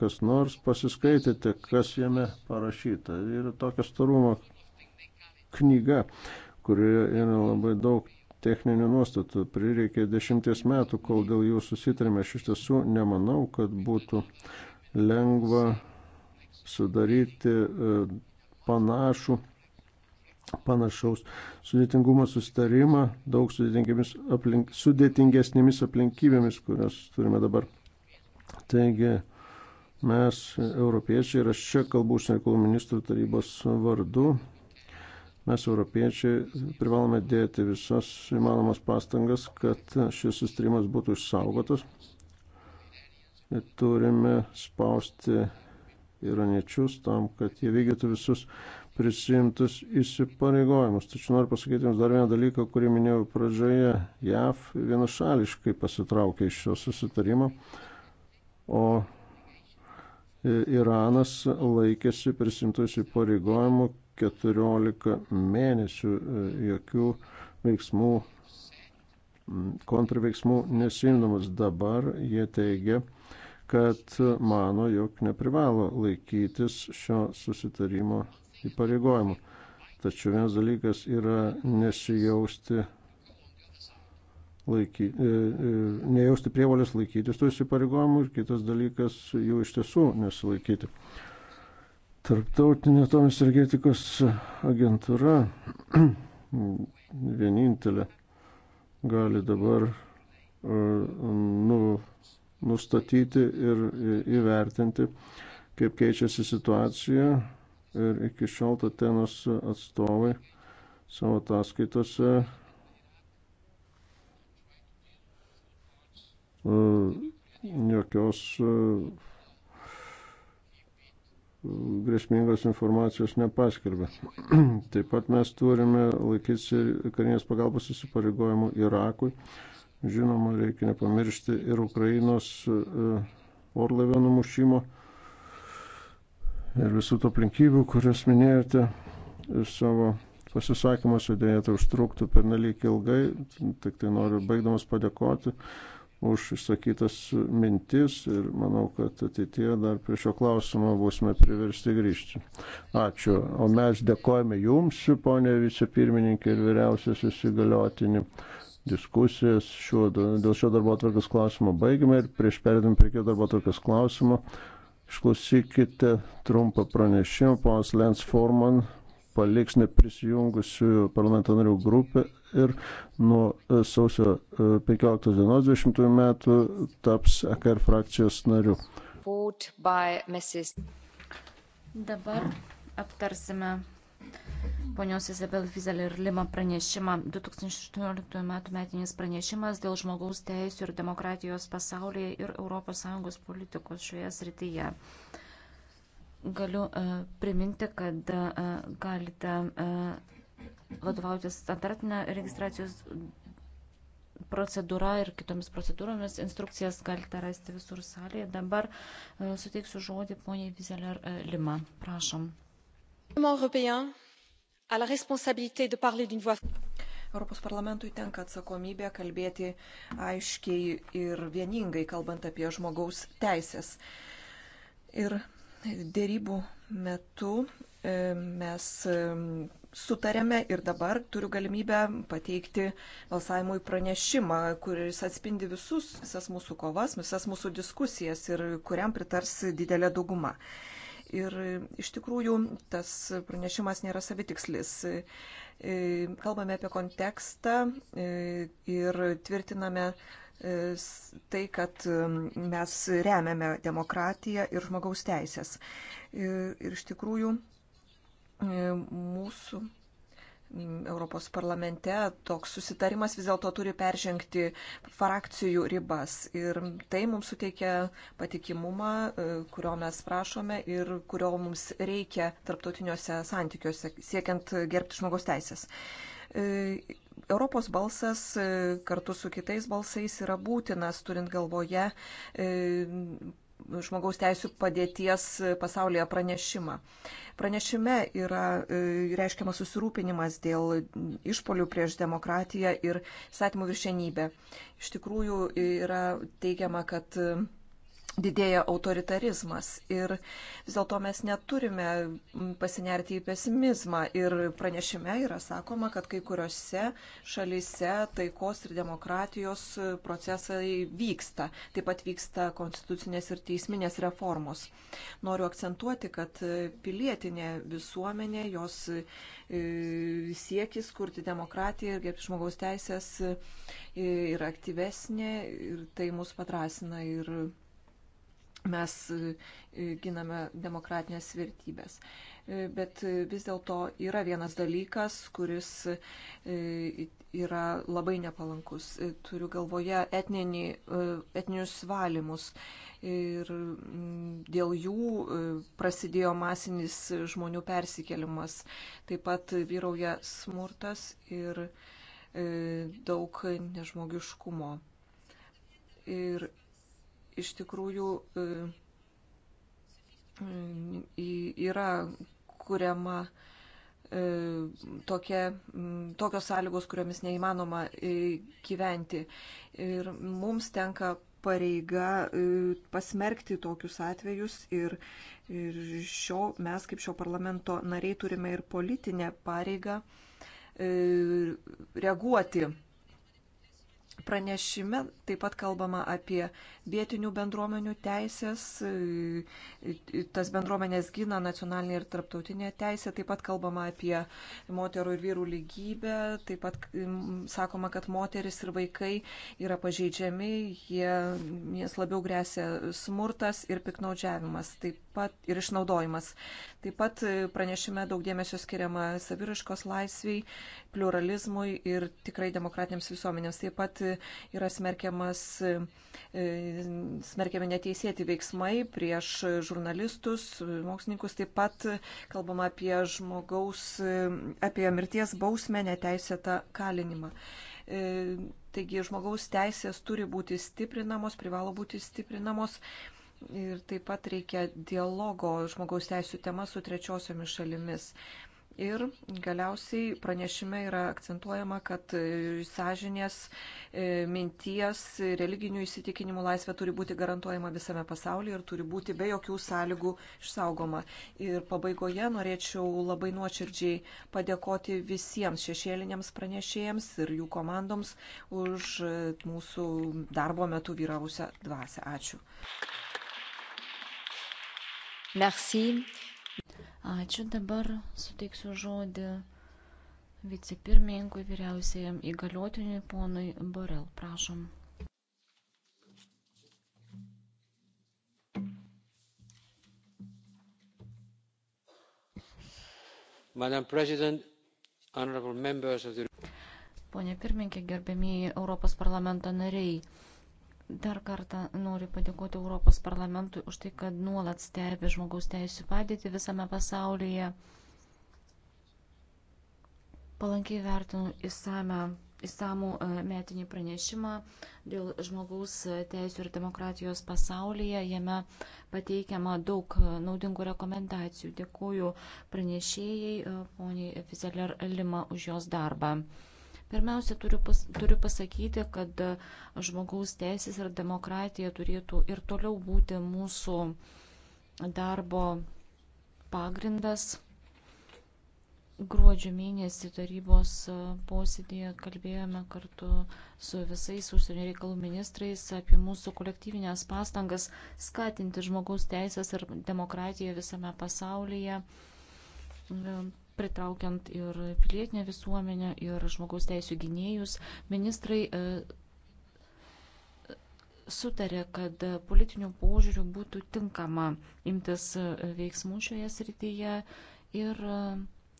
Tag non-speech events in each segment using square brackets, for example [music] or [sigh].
kas nors pasiskaitėte, kas jame parašyta. Yra tokia starumo knyga, kurioje yra labai daug techninių nuostatų. Prireikė dešimties metų, kol dėl jų susitarėme. Aš iš tiesų nemanau, kad būtų lengva sudaryti e, panašų panašaus sudėtingumo sustarimą, daug aplink, sudėtingesnėmis aplinkybėmis, kurias turime dabar. Taigi, Mes, europiečiai, ir aš čia kalbu užsienio reikalų ministrų tarybos vardu, mes, europiečiai, privalome dėti visas įmanomas pastangas, kad šis sustrimas būtų išsaugotas. Ir turime spausti iraniečius tam, kad jie vykdytų visus prisimtus įsipareigojimus. Tačiau noriu pasakyti Jums dar vieną dalyką, kurį minėjau pradžioje. JAV vienašališkai pasitraukė iš šio susitarimo, o Iranas laikėsi prisimtus įpareigojimų 14 mėnesių, e, jokių veiksmų, kontrveiksmų nesimdamas. Dabar jie teigia, kad mano, jog neprivalo laikytis šio susitarimo įpareigojimų. Tačiau vienas dalykas yra nesijausti laiky, e, e, nejausti prievalės laikytis tų įsipareigojimų ir kitas dalykas jų iš tiesų nesilaikyti. Tarptautinė atominės energetikos agentūra [clears throat] vienintelė gali dabar e, nu, nustatyti ir įvertinti, kaip keičiasi situacija ir iki šiol Tatenos atstovai savo ataskaitose E, jokios e, grėsmingos informacijos nepaskelbė. [clears throat] Taip pat mes turime laikytis ir karinės pagalbos įsipareigojimų Irakui. Žinoma, reikia nepamiršti ir Ukrainos e, orlaivio numušimo ir visų to aplinkybių, kurias minėjote savo pasisakymuose, dėja tai užtruktų per nelik ilgai, tik tai noriu baigdamas padėkoti už išsakytas mintis ir manau, kad ateityje dar prie šio klausimo būsime priversti grįžti. Ačiū. O mes dėkojame Jums, ponė vicepirmininkė ir vyriausias įsigaliotinį. Diskusijas šiuo, dėl šio darbo atvarkės klausimo baigime ir prieš perėdami prie kito darbo atvarkės klausimo išklausykite trumpą pranešimą, ponas Lens Forman, paliks neprisijungusių parlamento narių grupę ir nuo e, sausio 15 e, dienos 20 metų taps EKR frakcijos nariu. Dabar aptarsime ponios Izabel Fizelė ir Lima pranešimą. 2018 m. metinis pranešimas dėl žmogaus teisų ir demokratijos pasaulyje ir ES politikos šioje srityje. Galiu e, priminti, kad e, galite e, vadovautis standartinę registracijos procedūra ir kitomis procedūromis. Instrukcijas galite rasti visur salėje. Dabar suteiksiu žodį poniai Vizeler Lima. Prašom. Europos parlamentui tenka atsakomybė kalbėti aiškiai ir vieningai, kalbant apie žmogaus teisės. Ir Dėrybų metu e, mes e, sutarėme ir dabar turiu galimybę pateikti balsavimui pranešimą, kuris atspindi visus, visas mūsų kovas, visas mūsų diskusijas ir kuriam pritars didelė dauguma. Ir e, iš tikrųjų tas pranešimas nėra savitikslis. Kalbame apie kontekstą ir tvirtiname E, tai, kad mes remiame demokratiją ir žmogaus teisės. Ir, e, ir iš tikrųjų e, mūsų Europos parlamente toks susitarimas vis dėlto turi peržengti frakcijų ribas. Ir tai mums suteikia patikimumą, kurio mes prašome ir kurio mums reikia tarptautiniuose santykiuose, siekiant gerbti žmogaus teisės. Europos balsas e, kartu su kitais balsais yra būtinas, turint galvoje e, žmogaus teisų padėties pasaulyje pranešimą. Pranešime yra e, reiškiamas susirūpinimas dėl išpolių prieš demokratiją ir statymų viršenybę. Iš tikrųjų yra teigiama, kad didėja autoritarizmas ir vis dėlto mes neturime pasinerti į pesimizmą ir pranešime yra sakoma, kad kai kuriuose šalise taikos ir demokratijos procesai vyksta, taip pat vyksta konstitucinės ir teisminės reformos. Noriu akcentuoti, kad pilietinė visuomenė, jos e, siekis kurti demokratiją ir gerbti žmogaus teisės e, yra aktyvesnė ir tai mus padrasina ir mes e, e, giname demokratinės vertybės. E, bet vis dėlto yra vienas dalykas, kuris yra labai nepalankus. Turiu galvoje etninį, etninius valymus. Ir dėl jų prasidėjo masinis žmonių persikėlimas. Taip pat vyrauja smurtas ir daug nežmogiškumo. Ir iš tikrųjų e, e, yra kuriama e, tokie, tokios sąlygos, kuriomis neįmanoma gyventi. Ir mums tenka pareiga pasmerkti tokius atvejus ir, ir šio, mes kaip šio parlamento nariai turime ir politinę pareigą reaguoti Pranešime taip pat kalbama apie vietinių bendruomenių teisės, tas bendruomenės gina nacionalinė ir tarptautinė teisė, taip pat kalbama apie moterų ir vyrų lygybę, taip pat sakoma, kad moteris ir vaikai yra pažeidžiami, jie, jas labiau grėsia smurtas ir piknaudžiavimas. Taip pat ir išnaudojimas. Taip pat e, pranešime daug dėmesio skiriama saviraškos laisviai, pluralizmui ir tikrai demokratinėms visuomenėms. Taip pat e, yra smerkiamas, e, smerkiami neteisėti veiksmai prieš žurnalistus, mokslininkus. Taip pat kalbama apie žmogaus, apie mirties bausmę, neteisėtą kalinimą. Taigi žmogaus teisės turi būti stiprinamos, privalo būti stiprinamos Ir taip pat reikia dialogo žmogaus teisų tema su trečiosiomis šalimis. Ir galiausiai pranešime yra akcentuojama, kad e, sąžinės, e, minties, religinių įsitikinimų laisvė turi būti garantuojama visame pasaulyje ir turi būti be jokių sąlygų išsaugoma. Ir pabaigoje norėčiau labai nuoširdžiai padėkoti visiems šešėliniams pranešėjams ir jų komandoms už e, mūsų darbo metu vyravusią dvasę. Ačiū. Merci. Ačiū dabar suteiksiu žodį vicepirmininkui vyriausiajam įgaliotiniui ponui Borel. Prašom. Madam President, honorable members of the Pone pirmininkė, gerbėmiai Europos parlamento nariai. Dar kartą noriu padėkoti Europos parlamentui už tai, kad nuolat stebi žmogaus teisų padėtį visame pasaulyje. Palankiai vertinu įsame, įsamų e, metinį pranešimą dėl žmogaus teisų ir demokratijos pasaulyje. Jame pateikiama daug e, naudingų rekomendacijų. Dėkuoju pranešėjai, e, poniai Fizeler Lima, už jos darbą. Pirmiausia, turiu, pas, turiu pasakyti, kad žmogaus teisės ir demokratija turėtų ir toliau būti mūsų darbo pagrindas. Gruodžio mėnesį tarybos posėdėje kalbėjome kartu su visais užsienio reikalų ministrais apie mūsų kolektyvinės pastangas skatinti žmogaus teisės ir demokratiją visame pasaulyje pritraukiant ir pilietinę visuomenę, ir žmogaus teisų gynėjus, ministrai e, sutarė, kad politinių požiūrių būtų tinkama imtis e, veiksmų šioje srityje ir e,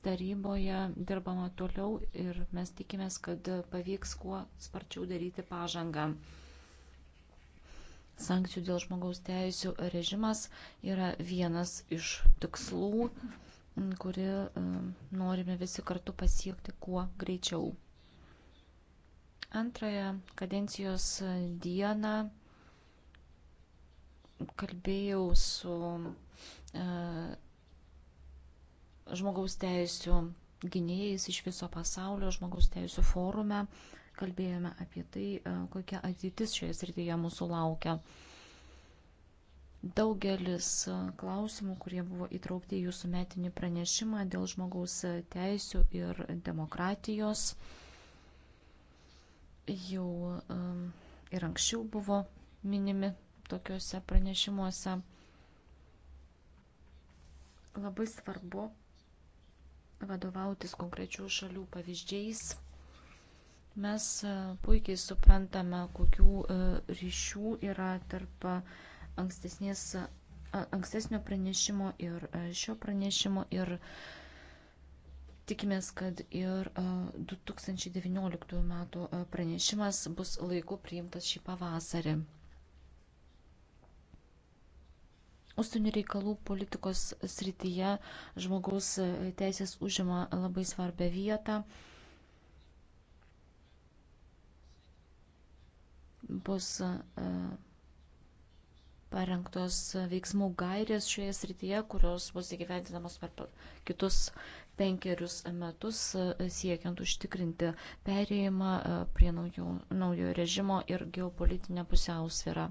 taryboje dirbama toliau ir mes tikimės, kad pavyks kuo sparčiau daryti pažangą. Sankcijų dėl žmogaus teisų režimas yra vienas iš tikslų kurį e, norime visi kartu pasiekti kuo greičiau. Antrąją kadencijos dieną kalbėjau su e, žmogaus teisų gynėjais iš viso pasaulio žmogaus teisų forume. Kalbėjome apie tai, e, kokia ateitis šioje srityje mūsų laukia. Daugelis klausimų, kurie buvo įtraukti į jūsų metinį pranešimą dėl žmogaus teisų ir demokratijos, jau ir anksčiau buvo minimi tokiuose pranešimuose. Labai svarbu vadovautis konkrečių šalių pavyzdžiais Mes puikiai suprantame, kokių ryšių yra tarp ankstesnio pranešimo ir šio pranešimo ir tikimės, kad ir 2019 metų pranešimas bus laiku priimtas šį pavasarį. Užsienio reikalų politikos srityje žmogaus teisės užima labai svarbę vietą. Bus uh, parengtos veiksmų gairės šioje srityje, kurios bus įgyventinamos per kitus penkerius metus, e, siekiant užtikrinti perėjimą e, prie naujo, naujo režimo ir geopolitinę pusiausvyrą.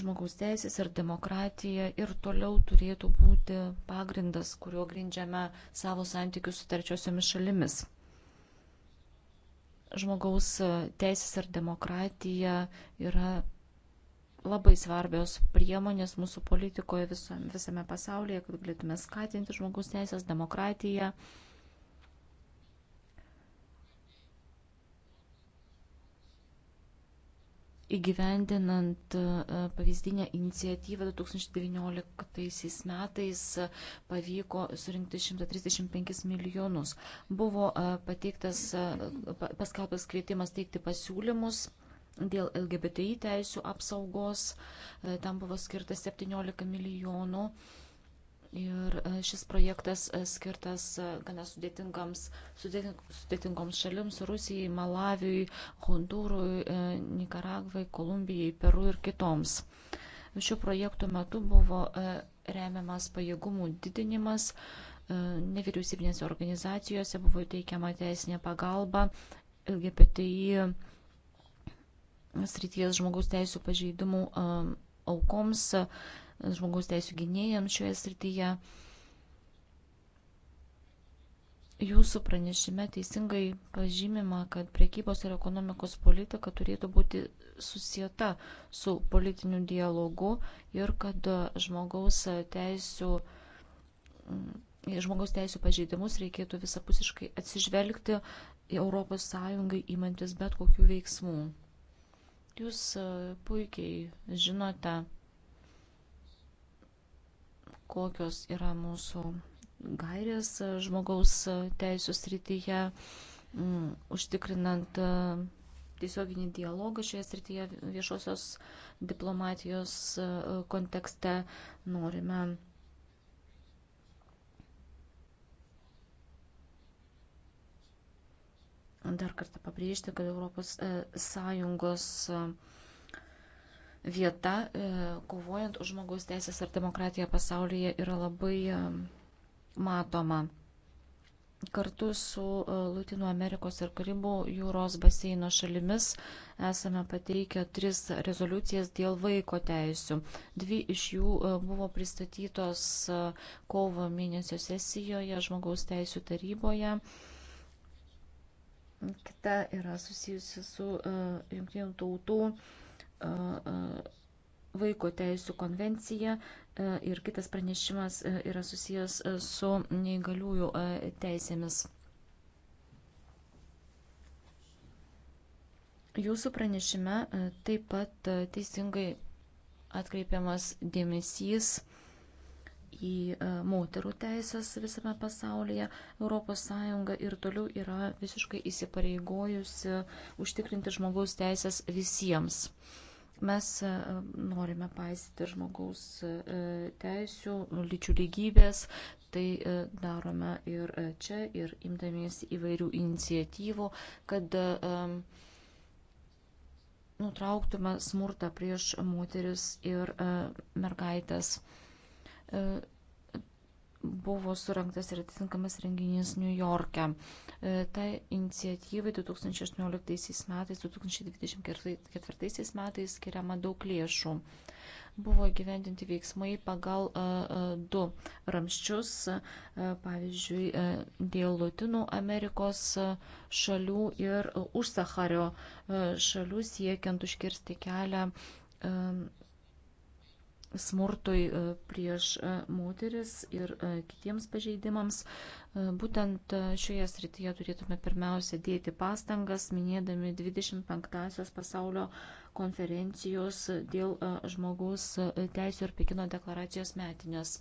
Žmogaus teisės ir demokratija ir toliau turėtų būti pagrindas, kuriuo grindžiame savo santykius su trečiosiomis šalimis žmogaus teisės ir demokratija yra labai svarbios priemonės mūsų politikoje viso, visame pasaulyje, kad galėtume skatinti žmogaus teisės, demokratiją. Įgyvendinant e, pavyzdinę iniciatyvą 2019 metais e, pavyko surinkti 135 milijonus. Buvo e, pateiktas, paskelbtas kvietimas teikti pasiūlymus dėl LGBTI teisų apsaugos, tam buvo skirta 17 milijonų Ir e, šis projektas e, skirtas e, gana sudėtingoms, sudėtingoms šalims - Rusijai, Malaviui, Hondūrui, Nikaragvai, Kolumbijai, Peru ir kitoms. Šių projektų metu buvo remiamas pajėgumų didinimas, nevyriausybinėse organizacijose buvo teikiama teisinė pagalba LGBTI srities žmogaus teisų pažeidimų aukoms žmogaus teisų gynėjams šioje srityje. Jūsų pranešime teisingai pažymima, kad priekybos ir ekonomikos politika turėtų būti susijęta su politiniu dialogu ir kad žmogaus teisų, mm, žmogaus teisų pažeidimus reikėtų visapusiškai atsižvelgti ES įmantis bet kokių veiksmų. Jūs e, puikiai žinote, kokios yra mūsų gairės žmogaus teisų srityje, mm, užtikrinant e, tiesioginį dialogą šioje srityje viešosios diplomatijos e, kontekste norime dar kartą pabrėžti, kad Europos e, Sąjungos vieta, e, kovojant už žmogaus teisės ir demokratiją pasaulyje, yra labai e, matoma. Kartu su e, Latino Amerikos ir Karibų jūros baseino šalimis esame pateikę tris rezoliucijas dėl vaiko teisių. Dvi iš jų buvo pristatytos kovo mėnesio sesijoje žmogaus teisų taryboje. Kita yra susijusi su uh, jungtinių tautų uh, vaiko teisų konvencija e, ir kitas pranešimas e, yra susijęs e, su neįgaliųjų teisėmis. Jūsų pranešime taip pat teisingai atkreipiamas dėmesys į moterų teisės visame pasaulyje. ES ir toliau yra visiškai įsipareigojusi užtikrinti žmogaus teisės visiems. Uh, Mes e, norime paisyti žmogaus e, teisų, lyčių lygybės, tai e, darome ir čia, ir imdamiesi įvairių iniciatyvų, kad nutrauktume smurtą prieš moteris ir mergaitės buvo surinktas ir atitinkamas renginys New York'e. E, ta iniciatyva 2018 metais, 2024 metais skiriama daug lėšų. Buvo įgyvendinti veiksmai pagal e, e, du ramščius, pavyzdžiui, dėl Latinų Amerikos šalių ir užsahario šalių siekiant užkirsti kelią smurtui e, prieš e, moteris ir e, kitiems pažeidimams. Būtent šioje srityje turėtume pirmiausia dėti pastangas, minėdami 25-asios pasaulio konferencijos dėl žmogaus teisų ir Pekino deklaracijos metinės.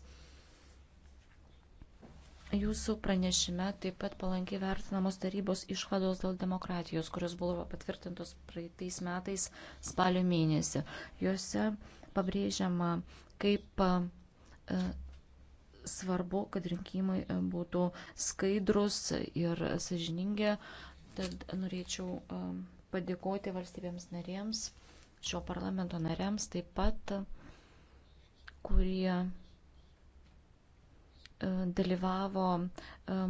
Jūsų pranešime taip pat palankiai vertinamos tarybos išvados dėl demokratijos, kurios buvo patvirtintos praeitais metais spalio mėnesį. Juose pabrėžiama, kaip e, svarbu, kad rinkimai e, būtų skaidrus ir sažiningi. Tad norėčiau e, padėkoti valstybėms narėms, šio parlamento nariams taip pat, kurie dalyvavo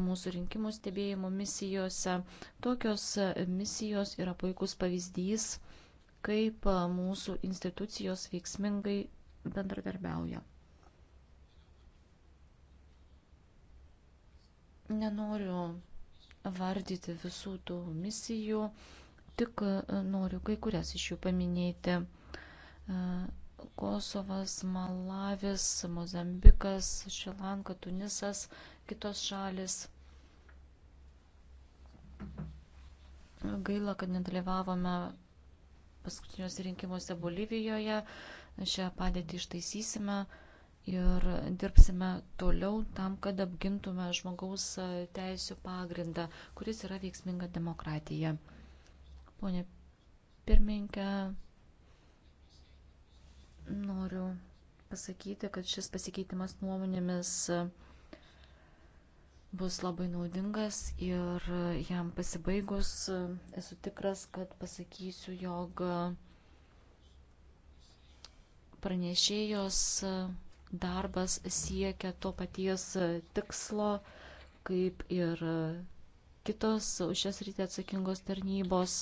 mūsų rinkimų stebėjimo misijose. Tokios misijos yra puikus pavyzdys kaip mūsų institucijos veiksmingai bendradarbiauja. Nenoriu vardyti visų tų misijų, tik noriu kai kurias iš jų paminėti. Kosovas, Malavis, Mozambikas, Šilanka, Tunisas, kitos šalis. Gaila, kad nedalyvavome paskutiniuose rinkimuose Bolivijoje. Šią padėtį ištaisysime ir dirbsime toliau tam, kad apgintume žmogaus teisų pagrindą, kuris yra veiksminga demokratija. Pone pirmininkė, noriu pasakyti, kad šis pasikeitimas nuomonėmis bus labai naudingas ir jam pasibaigus esu tikras, kad pasakysiu, jog pranešėjos darbas siekia to paties tikslo, kaip ir kitos už šias rytį atsakingos tarnybos,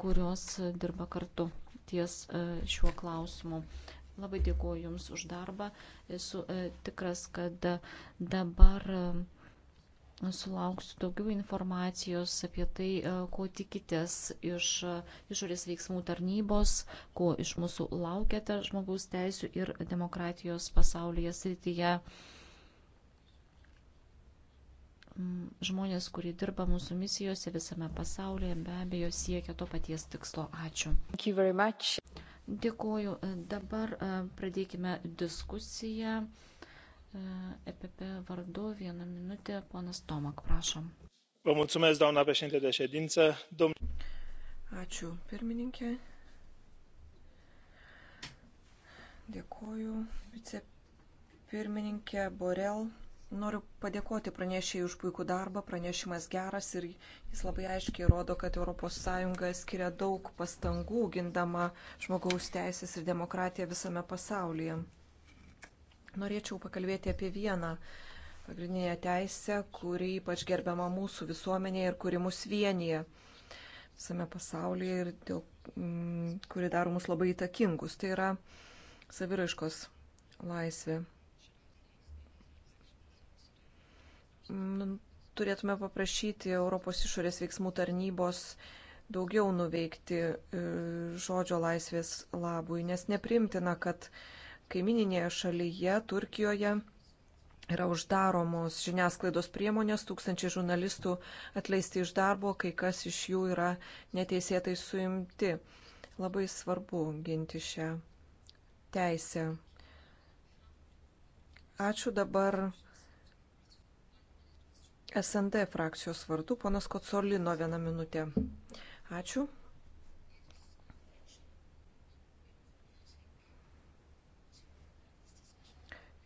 kurios dirba kartu ties e, šiuo klausimu. Labai dėkuoju Jums už darbą. Esu e, tikras, kad dabar sulauksiu daugiau informacijos apie tai, e, ko tikitės iš e, išorės veiksmų tarnybos, ko iš mūsų laukiate žmogaus teisų ir demokratijos pasaulyje srityje. Mm, žmonės, kurie dirba mūsų misijose visame pasaulyje, be abejo siekia to paties tikslo. Ačiū. Dėkuoju. Dabar e, pradėkime diskusiją. EPP e vardu vieną minutę, ponas Tomak, prašom. Vă mulțumesc, doamna președinte de ședință. Domn... Ačiū, pirmininkė. Dėkoju, vicepirmininkė Borel. Noriu padėkoti pranešėjai už puikų darbą. Pranešimas geras ir jis labai aiškiai rodo, kad ES skiria daug pastangų gindama žmogaus teisės ir demokratiją visame pasaulyje. Norėčiau pakalbėti apie vieną pagrindinę teisę, kuri ypač gerbiama mūsų visuomenėje ir kuri mus vienyje visame pasaulyje ir dėl, mm, kuri daro mus labai įtakingus. Tai yra saviraiškos laisvė. Mm, turėtume paprašyti Europos išorės veiksmų tarnybos daugiau nuveikti e, žodžio laisvės labui, nes neprimtina, kad Kaimininėje šalyje, Turkijoje, yra uždaromos žiniasklaidos priemonės, tūkstančiai žurnalistų atleisti iš darbo, kai kas iš jų yra neteisėtai suimti. Labai svarbu ginti šią teisę. Ačiū dabar SND frakcijos vardu, ponas Kocolino, vieną minutę. Ačiū.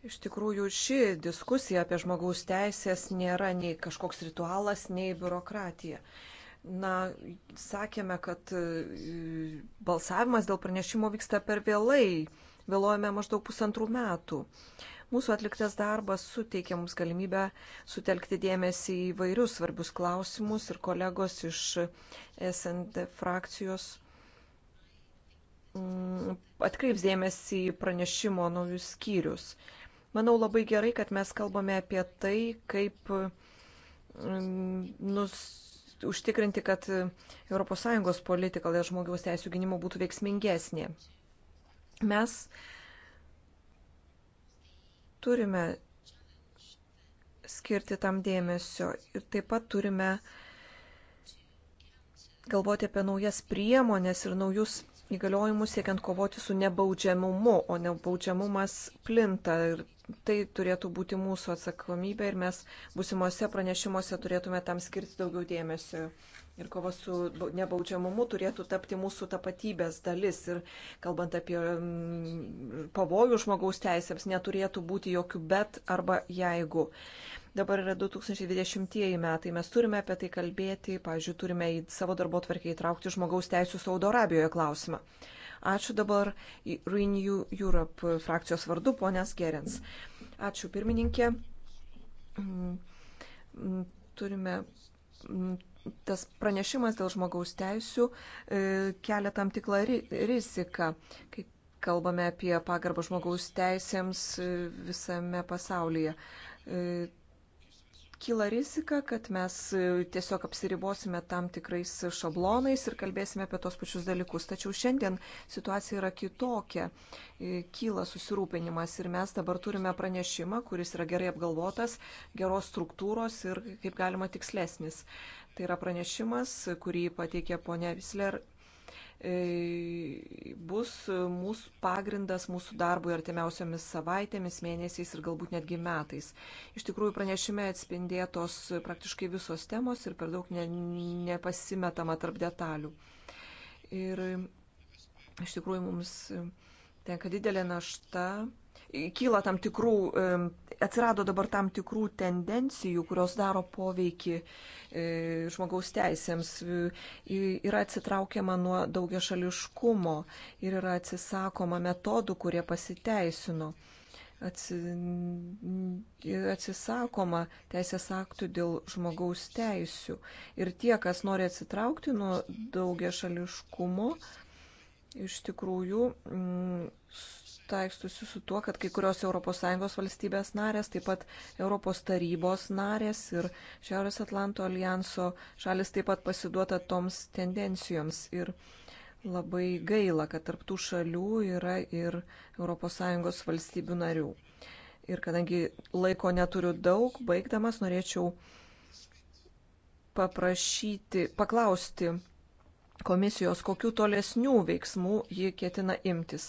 Iš tikrųjų, ši diskusija apie žmogaus teisės nėra nei kažkoks ritualas, nei biurokratija. Na, sakėme, kad e, balsavimas dėl pranešimo vyksta per vėlai, vėluojame maždaug pusantrų metų. Mūsų atliktas darbas suteikia mums galimybę sutelkti dėmesį į vairius svarbius klausimus ir kolegos iš SND frakcijos mm, atkreips dėmesį į pranešimo naujus skyrius. Manau labai gerai, kad mes kalbame apie tai, kaip mm, nus, užtikrinti, kad ES politika dėl žmogaus teisų gynimo būtų veiksmingesnė. Mes turime skirti tam dėmesio ir taip pat turime galvoti apie naujas priemonės ir naujus įgaliojimus siekiant kovoti su nebaudžiamumu, o nebaudžiamumas plinta ir tai turėtų būti mūsų atsakomybė ir mes busimuose pranešimuose turėtume tam skirti daugiau dėmesio. Ir kova su nebaudžiamumu turėtų tapti mūsų tapatybės dalis. Ir kalbant apie mm, pavojų žmogaus teisėms, neturėtų būti jokių bet arba jeigu. Dabar yra 2020 metai, mes turime apie tai kalbėti, pavyzdžiui, turime į savo darbo tvarkį įtraukti žmogaus teisų Saudo Arabijoje klausimą. Ačiū dabar Renew Europe frakcijos vardu, ponės Gerins. Ačiū pirmininkė. Mm, turime mm, tas pranešimas dėl žmogaus teisų e, kelia tam tiklą riziką, kai kalbame apie pagarbą žmogaus teisėms e, visame pasaulyje. E, kyla rizika, kad mes e, tiesiog apsiribosime tam tikrais šablonais ir kalbėsime apie tos pačius dalykus. Tačiau šiandien situacija yra kitokia. E, kyla susirūpinimas ir mes dabar turime pranešimą, kuris yra gerai apgalvotas, geros struktūros ir kaip galima tikslesnis. Tai yra pranešimas, kurį pateikė ponia Visler E, bus mūsų pagrindas mūsų darbui artimiausiomis savaitėmis, mėnesiais ir galbūt netgi metais. Iš tikrųjų, pranešime atspindėtos praktiškai visos temos ir per daug ne, nepasimetama tarp detalių. Ir iš tikrųjų mums tenka didelė našta kyla tam tikrų, atsirado dabar tam tikrų tendencijų, kurios daro poveikį e, žmogaus teisėms. E, yra atsitraukiama nuo daugia šališkumo ir yra atsisakoma metodų, kurie pasiteisino. Atsi... atsisakoma teisės aktų dėl žmogaus teisių. Ir tie, kas nori atsitraukti nuo daugia šališkumo, iš tikrųjų. Mm, taikstusiu su tuo, kad kai kurios ES valstybės narės, taip pat Europos tarybos narės ir Šiaurės Atlanto alijanso šalis taip pat pasiduota toms tendencijoms. Ir labai gaila, kad tarptų šalių yra ir ES valstybių narių. Ir kadangi laiko neturiu daug, baigdamas norėčiau paprašyti, paklausti komisijos, kokių tolesnių veiksmų ji ketina imtis.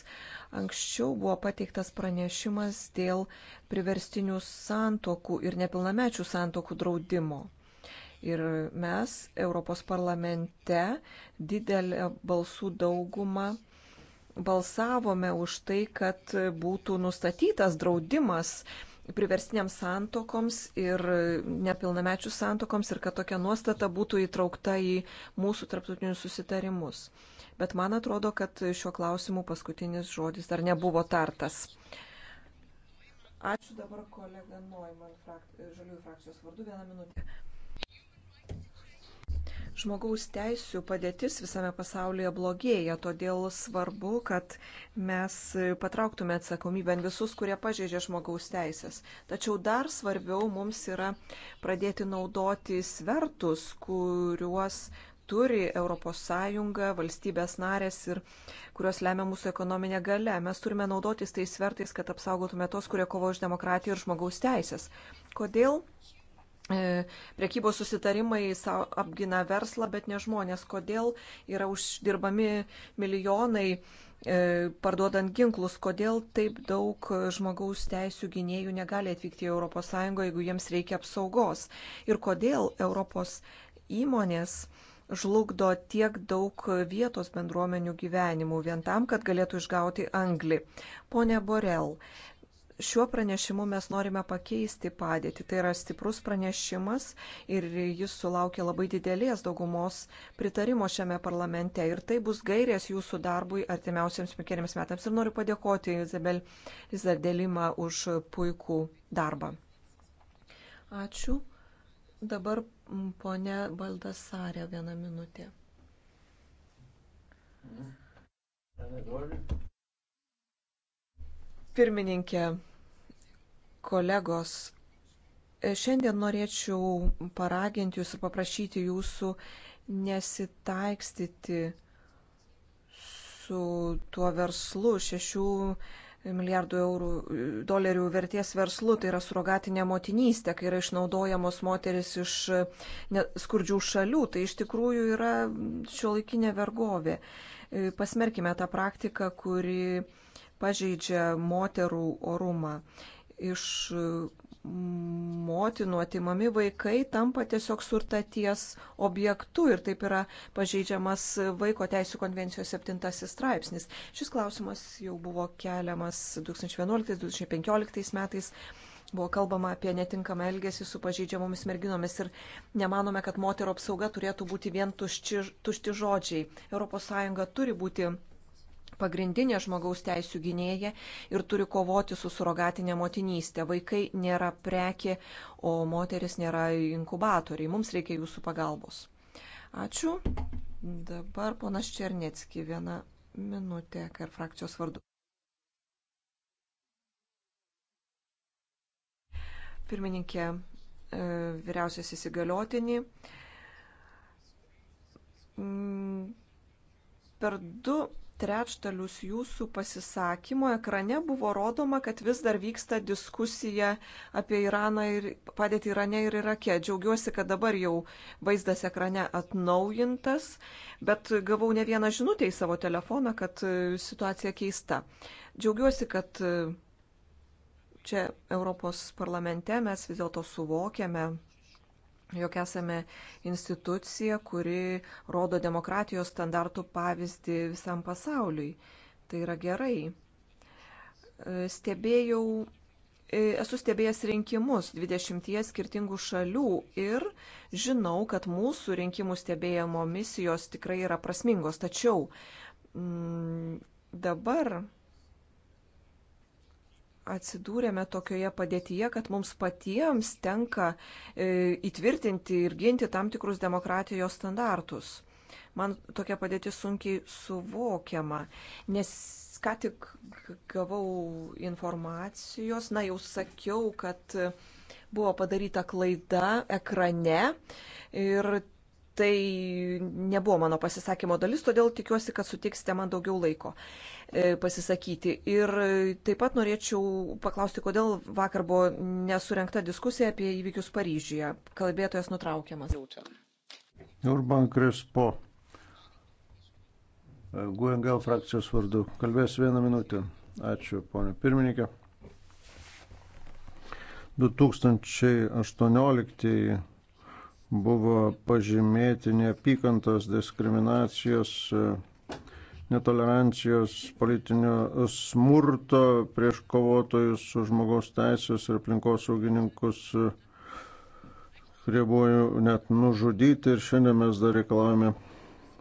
Anksčiau buvo pateiktas pranešimas dėl priverstinių santokų ir nepilnamečių santokų draudimo. Ir mes Europos parlamente didelę balsų daugumą balsavome už tai, kad būtų nustatytas draudimas priverstiniams santokoms ir nepilnamečių santokoms ir kad tokia nuostata būtų įtraukta į mūsų tarptautinius susitarimus. Bet man atrodo, kad šiuo klausimu paskutinis žodis dar nebuvo tartas. Ačiū dabar kolega Neumann, frak, žaliųjų frakcijos vardu, vieną minutę. Žmogaus teisų padėtis visame pasaulyje blogėja, todėl svarbu, kad mes patrauktume atsakomybę visus, kurie pažeidžia žmogaus teisės. Tačiau dar svarbiau mums yra pradėti naudoti svertus, kuriuos turi ES, valstybės narės ir kurios lemia mūsų ekonominė gale. Mes turime naudotis tais svertais, kad apsaugotume tos, kurie kovo už demokratiją ir žmogaus teisės. Kodėl E, prekybos susitarimai apgina verslą, bet ne žmonės. Kodėl yra uždirbami milijonai e, parduodant ginklus, kodėl taip daug žmogaus teisų gynėjų negali atvykti į ES, jeigu jiems reikia apsaugos. Ir kodėl Europos įmonės žlugdo tiek daug vietos bendruomenių gyvenimų vien tam, kad galėtų išgauti anglį. Pone Borel, šiuo pranešimu mes norime pakeisti padėtį. Tai yra stiprus pranešimas ir jis sulaukė labai didelės daugumos pritarimo šiame parlamente. Ir tai bus gairės jūsų darbui artimiausiams penkeriems metams. Ir noriu padėkoti Izabel Izardelimą už puikų darbą. Ačiū. Dabar ponė Baldasarė vieną minutę. Mm-hmm. Pirmininkė, kolegos, e, šiandien norėčiau paraginti jūs ir paprašyti jūsų nesitaikstyti su tuo verslu, šešių milijardų eurų, dolerių vertės verslu, tai yra surogatinė motinystė, kai yra išnaudojamos moteris iš skurdžių šalių, tai iš tikrųjų yra šiuolaikinė vergovė. E, pasmerkime tą praktiką, kuri pažeidžia moterų orumą. Iš motinų atimami vaikai tampa tiesiog surtaties objektu ir taip yra pažeidžiamas Vaiko teisų konvencijos 7 straipsnis. Šis klausimas jau buvo keliamas 2011-2015 metais. Buvo kalbama apie netinkamą elgesį su pažeidžiamomis merginomis ir nemanome, kad moterų apsauga turėtų būti vien tušti, tušti žodžiai. ES turi būti pagrindinė žmogaus teisų gynėja ir turi kovoti su surogatinė motinystė. Vaikai nėra prekė, o moteris nėra inkubatoriai. Mums reikia jūsų pagalbos. Ačiū. Dabar ponas Černetski vieną minutę, kar frakcijos vardu. Pirmininkė, e, vyriausias įsigaliotinį mm, per du trečdalius jūsų pasisakymo ekrane buvo rodoma, kad vis dar vyksta diskusija apie Iraną ir padėtį Irane ir Irake. Džiaugiuosi, kad dabar jau vaizdas ekrane atnaujintas, bet gavau ne vieną žinutę į savo telefoną, kad situacija keista. Džiaugiuosi, kad čia Europos parlamente mes vis dėlto suvokiame jog esame institucija, kuri rodo demokratijos standartų pavyzdį visam pasauliui. Tai yra gerai. E, stebėjau, e, esu stebėjęs rinkimus 20 skirtingų šalių ir žinau, kad mūsų rinkimų stebėjimo misijos tikrai yra prasmingos. Tačiau m, mm, dabar atsidūrėme tokioje padėtyje, kad mums patiems tenka e, įtvirtinti ir ginti tam tikrus demokratijos standartus. Man tokia padėtis sunkiai suvokiama, nes ką tik gavau informacijos, na jau sakiau, kad buvo padaryta klaida ekrane ir tai nebuvo mano pasisakymo dalis, todėl tikiuosi, kad sutiksite man daugiau laiko e, pasisakyti. Ir taip pat norėčiau paklausti, kodėl vakar buvo nesurenkta diskusija apie įvykius Paryžiuje. Kalbėtojas nutraukiamas. Urban Krespo. E, Guengel frakcijos vardu. Kalbės vieną minutę. Ačiū, ponė pirmininkė. 2018 buvo pažymėti neapykantos diskriminacijos, netolerancijos, politinio smurto prieš kovotojus už žmogaus teisės ir aplinkosaugininkus, kurie buvo net nužudyti ir šiandien mes dar reikalavome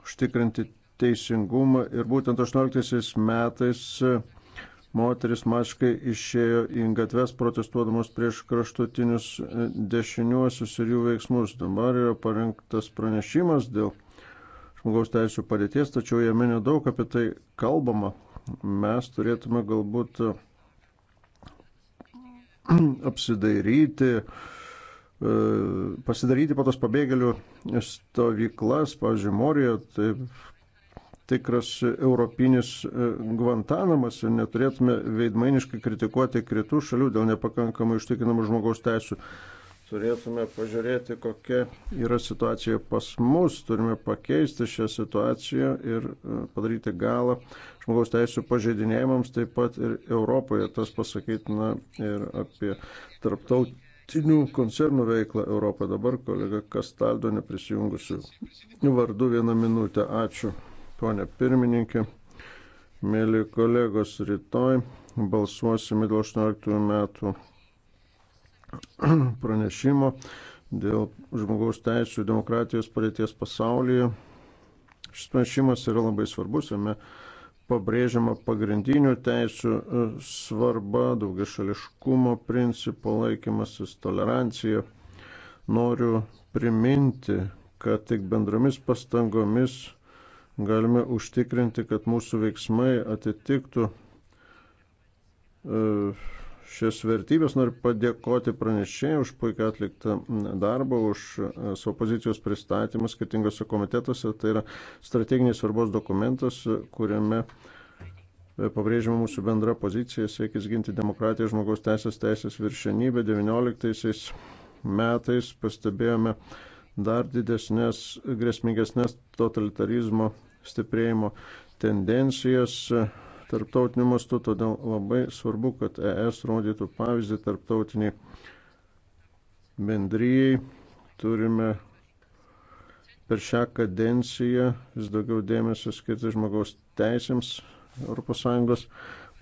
užtikrinti teisingumą. Ir būtent 18 metais Moteris maškai išėjo į gatves protestuodamos prieš kraštutinius e, dešiniuosius ir jų veiksmus. Dabar yra parengtas pranešimas dėl žmogaus teisų padėties, tačiau jame nedaug apie tai kalbama. Mes turėtume galbūt e, [clears throat] apsidairyti, e, pasidaryti po tos pabėgėlių stovyklas, pavyzdžiui, Morijoje, taip tikras europinis e, Guantanamas ir neturėtume veidmainiškai kritikuoti kitų šalių dėl nepakankamai užtikrinamų žmogaus teisų. Turėtume pažiūrėti, kokia yra situacija pas mus, turime pakeisti šią situaciją ir e, padaryti galą žmogaus teisų pažeidinėjimams taip pat ir Europoje. Tas pasakytina ir apie tarptautinių koncernų veiklą Europoje. Dabar kolega Kastaldo neprisijungusiu vardu vieną minutę. Ačiū ponė pirmininkė. Mėly kolegos, rytoj balsuosime dėl 18 metų [clears throat] pranešimo dėl žmogaus teisų ir demokratijos padėties pasaulyje. Šis pranešimas yra labai svarbus, jame pabrėžiama pagrindinių teisų e, svarba, daugiašališkumo principo laikymasis, tolerancija. Noriu priminti, kad tik bendromis pastangomis galime užtikrinti, kad mūsų veiksmai atitiktų e, šias vertybės. Noriu padėkoti pranešėjai už puikiai atliktą darbą, už e, savo pozicijos pristatymą skirtingose komitetuose. Tai yra strateginės svarbos dokumentas, kuriame e, pabrėžiama mūsų bendra pozicija, siekis ginti demokratiją, žmogaus teisės, teisės viršenybę. 19 metais pastebėjome, dar didesnės, grėsmingesnės totalitarizmo stiprėjimo tendencijas tarptautiniu mastu, todėl labai svarbu, kad ES rodytų pavyzdį tarptautiniai bendryjai. Turime per šią kadenciją vis daugiau dėmesio skirti žmogaus teisėms ES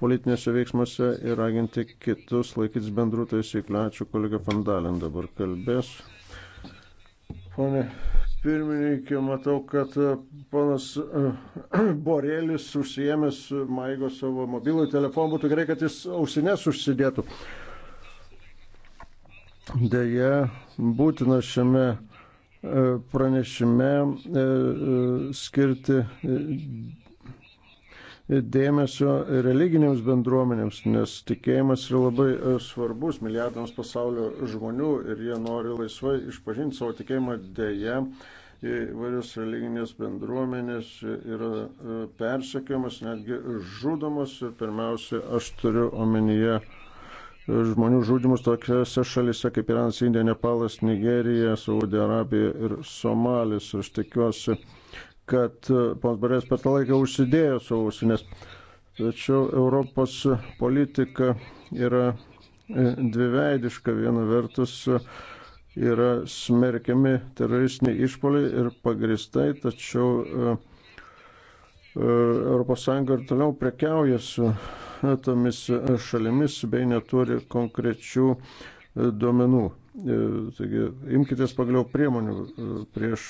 politinėse veiksmuose ir raginti kitus laikytis bendrų taisyklių. Ačiū kolega Fandalin dabar kalbės. Pone pirmininkė, matau, kad e, ponas e, [clears throat] Borelis užsijėmęs maigo savo mobilų telefoną, būtų gerai, kad jis ausinės užsidėtų. Deja, būtina šiame e, pranešime skirti dėmesio religinėms bendruomenėms, nes tikėjimas yra labai e, svarbus milijardams pasaulio žmonių ir jie nori laisvai išpažinti savo tikėjimą dėje. Įvairios religinės bendruomenės yra e, persekiamas, netgi žudomas. Pirmiausia, aš turiu omenyje e, žmonių žudimus tokiose šalise kaip Iranas, Indija, Nepalas, Nigerija, Saudė Arabija ir Somalis. Aš tikiuosi, kad e, pons Barės per tą laiką užsidėjo savo ausinės. Tačiau Europos politika yra e, dviveidiška. Viena vertus e, yra smerkiami teroristiniai išpoliai ir pagristai, tačiau ES ir toliau prekiauja su tomis šalimis bei neturi konkrečių duomenų. Taigi imkitės pagaliau priemonių prieš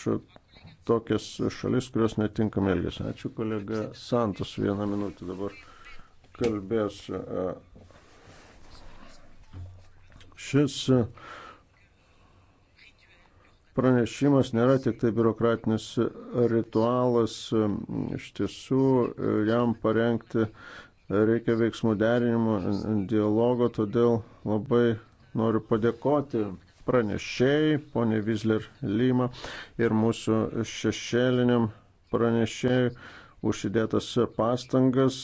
tokias šalis, kurios netinkam elgesi. Ačiū kolega Santos, vieną minutę dabar kalbės. Šis pranešimas nėra tik tai biurokratinis ritualas, iš tiesų jam parengti reikia veiksmų derinimo, dialogo, todėl labai noriu padėkoti pranešėjai, ponė Vizler Lyma ir mūsų šešėliniam pranešėjai užsidėtas pastangas.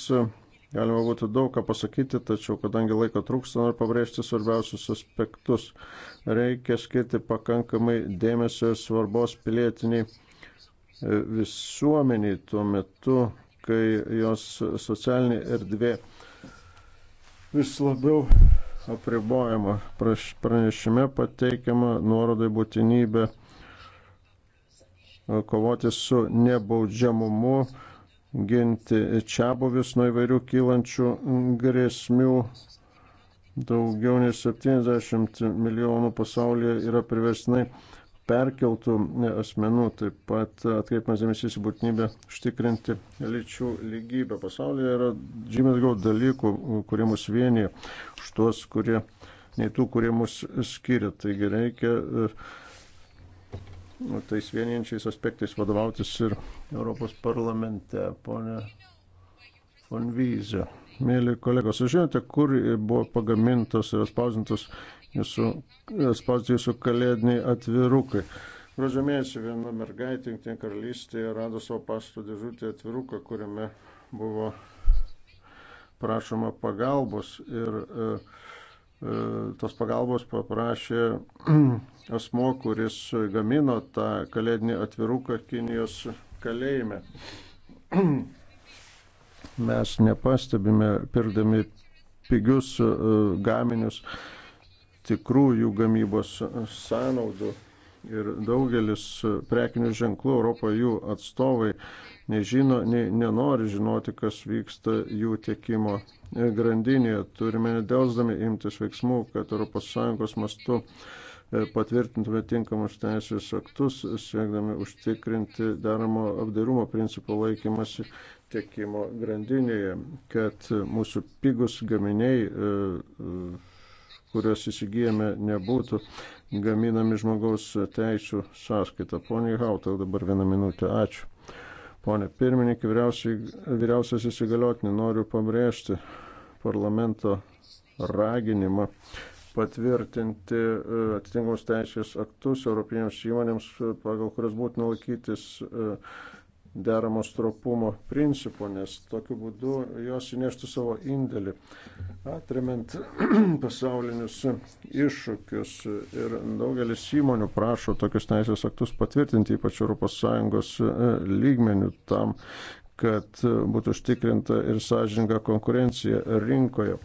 Galima būtų daug ką pasakyti, tačiau kadangi laiko trūksta, noriu pabrėžti svarbiausius aspektus. Reikia skirti pakankamai dėmesio ir svarbos pilietiniai visuomeniai tuo metu, kai jos socialinė erdvė vis labiau apribojama. Pranešime pateikiama nuorodai būtinybė e, kovoti su nebaudžiamumu, ginti čia buvis nuo įvairių kylančių grėsmių. Daugiau nei 70 milijonų pasaulyje yra priversnai perkeltų asmenų. Taip pat atkreipimas dėmesys į būtinybę užtikrinti lyčių lygybę. Pasaulyje yra žymiai daugiau dalykų, kurie mus vienyje, už tuos, kurie, nei tų, kurie mus skiria. Taigi reikia e, nu, tais vienijančiais aspektais vadovautis ir Europos parlamente, ponė Fonvyzė mėly kolegos, jūs žinote, kur buvo pagamintos ir atspausdintos jūsų, atspausdinti jūsų kalėdiniai atvirukai. Gruodžio mėnesį viena mergaitė Junktinė karalystėje rado savo pašto dėžutį atviruką, kuriame buvo prašoma pagalbos ir e, e, tos pagalbos paprašė [clears throat] asmo, kuris gamino tą kalėdinį atviruką Kinijos kalėjime. [clears throat] mes nepastebime, pirdami pigius e, gaminius tikrų jų gamybos sąnaudų. Ir daugelis prekinių ženklų Europoje jų atstovai nežino, nei nenori žinoti, kas vyksta jų tiekimo grandinėje. Turime nedelsdami imtis veiksmų, kad ES mastu e, patvirtintume tinkamus teisės aktus, siekdami užtikrinti deramo apdairumo principų laikymasi tiekimo grandinėje, kad mūsų pigus gaminiai, e, e, kuriuos įsigijame, nebūtų gaminami žmogaus teisų sąskaita. Pone Hautau, dabar vieną minutę. Ačiū. Pone pirmininkė, vyriausias įsigaliotinį noriu pabrėžti parlamento raginimą patvirtinti e, atitinkamus teisės aktus europinėms įmonėms, pagal kurias būtina laikytis uh, deramo stropumo principu, nes tokiu būdu jos įneštų savo indėlį, atremiant [clears throat] pasaulinius iššūkius. Ir daugelis įmonių prašo tokius teisės aktus patvirtinti, ypač ES e, lygmenių tam, kad būtų užtikrinta ir sąžininga konkurencija rinkoje.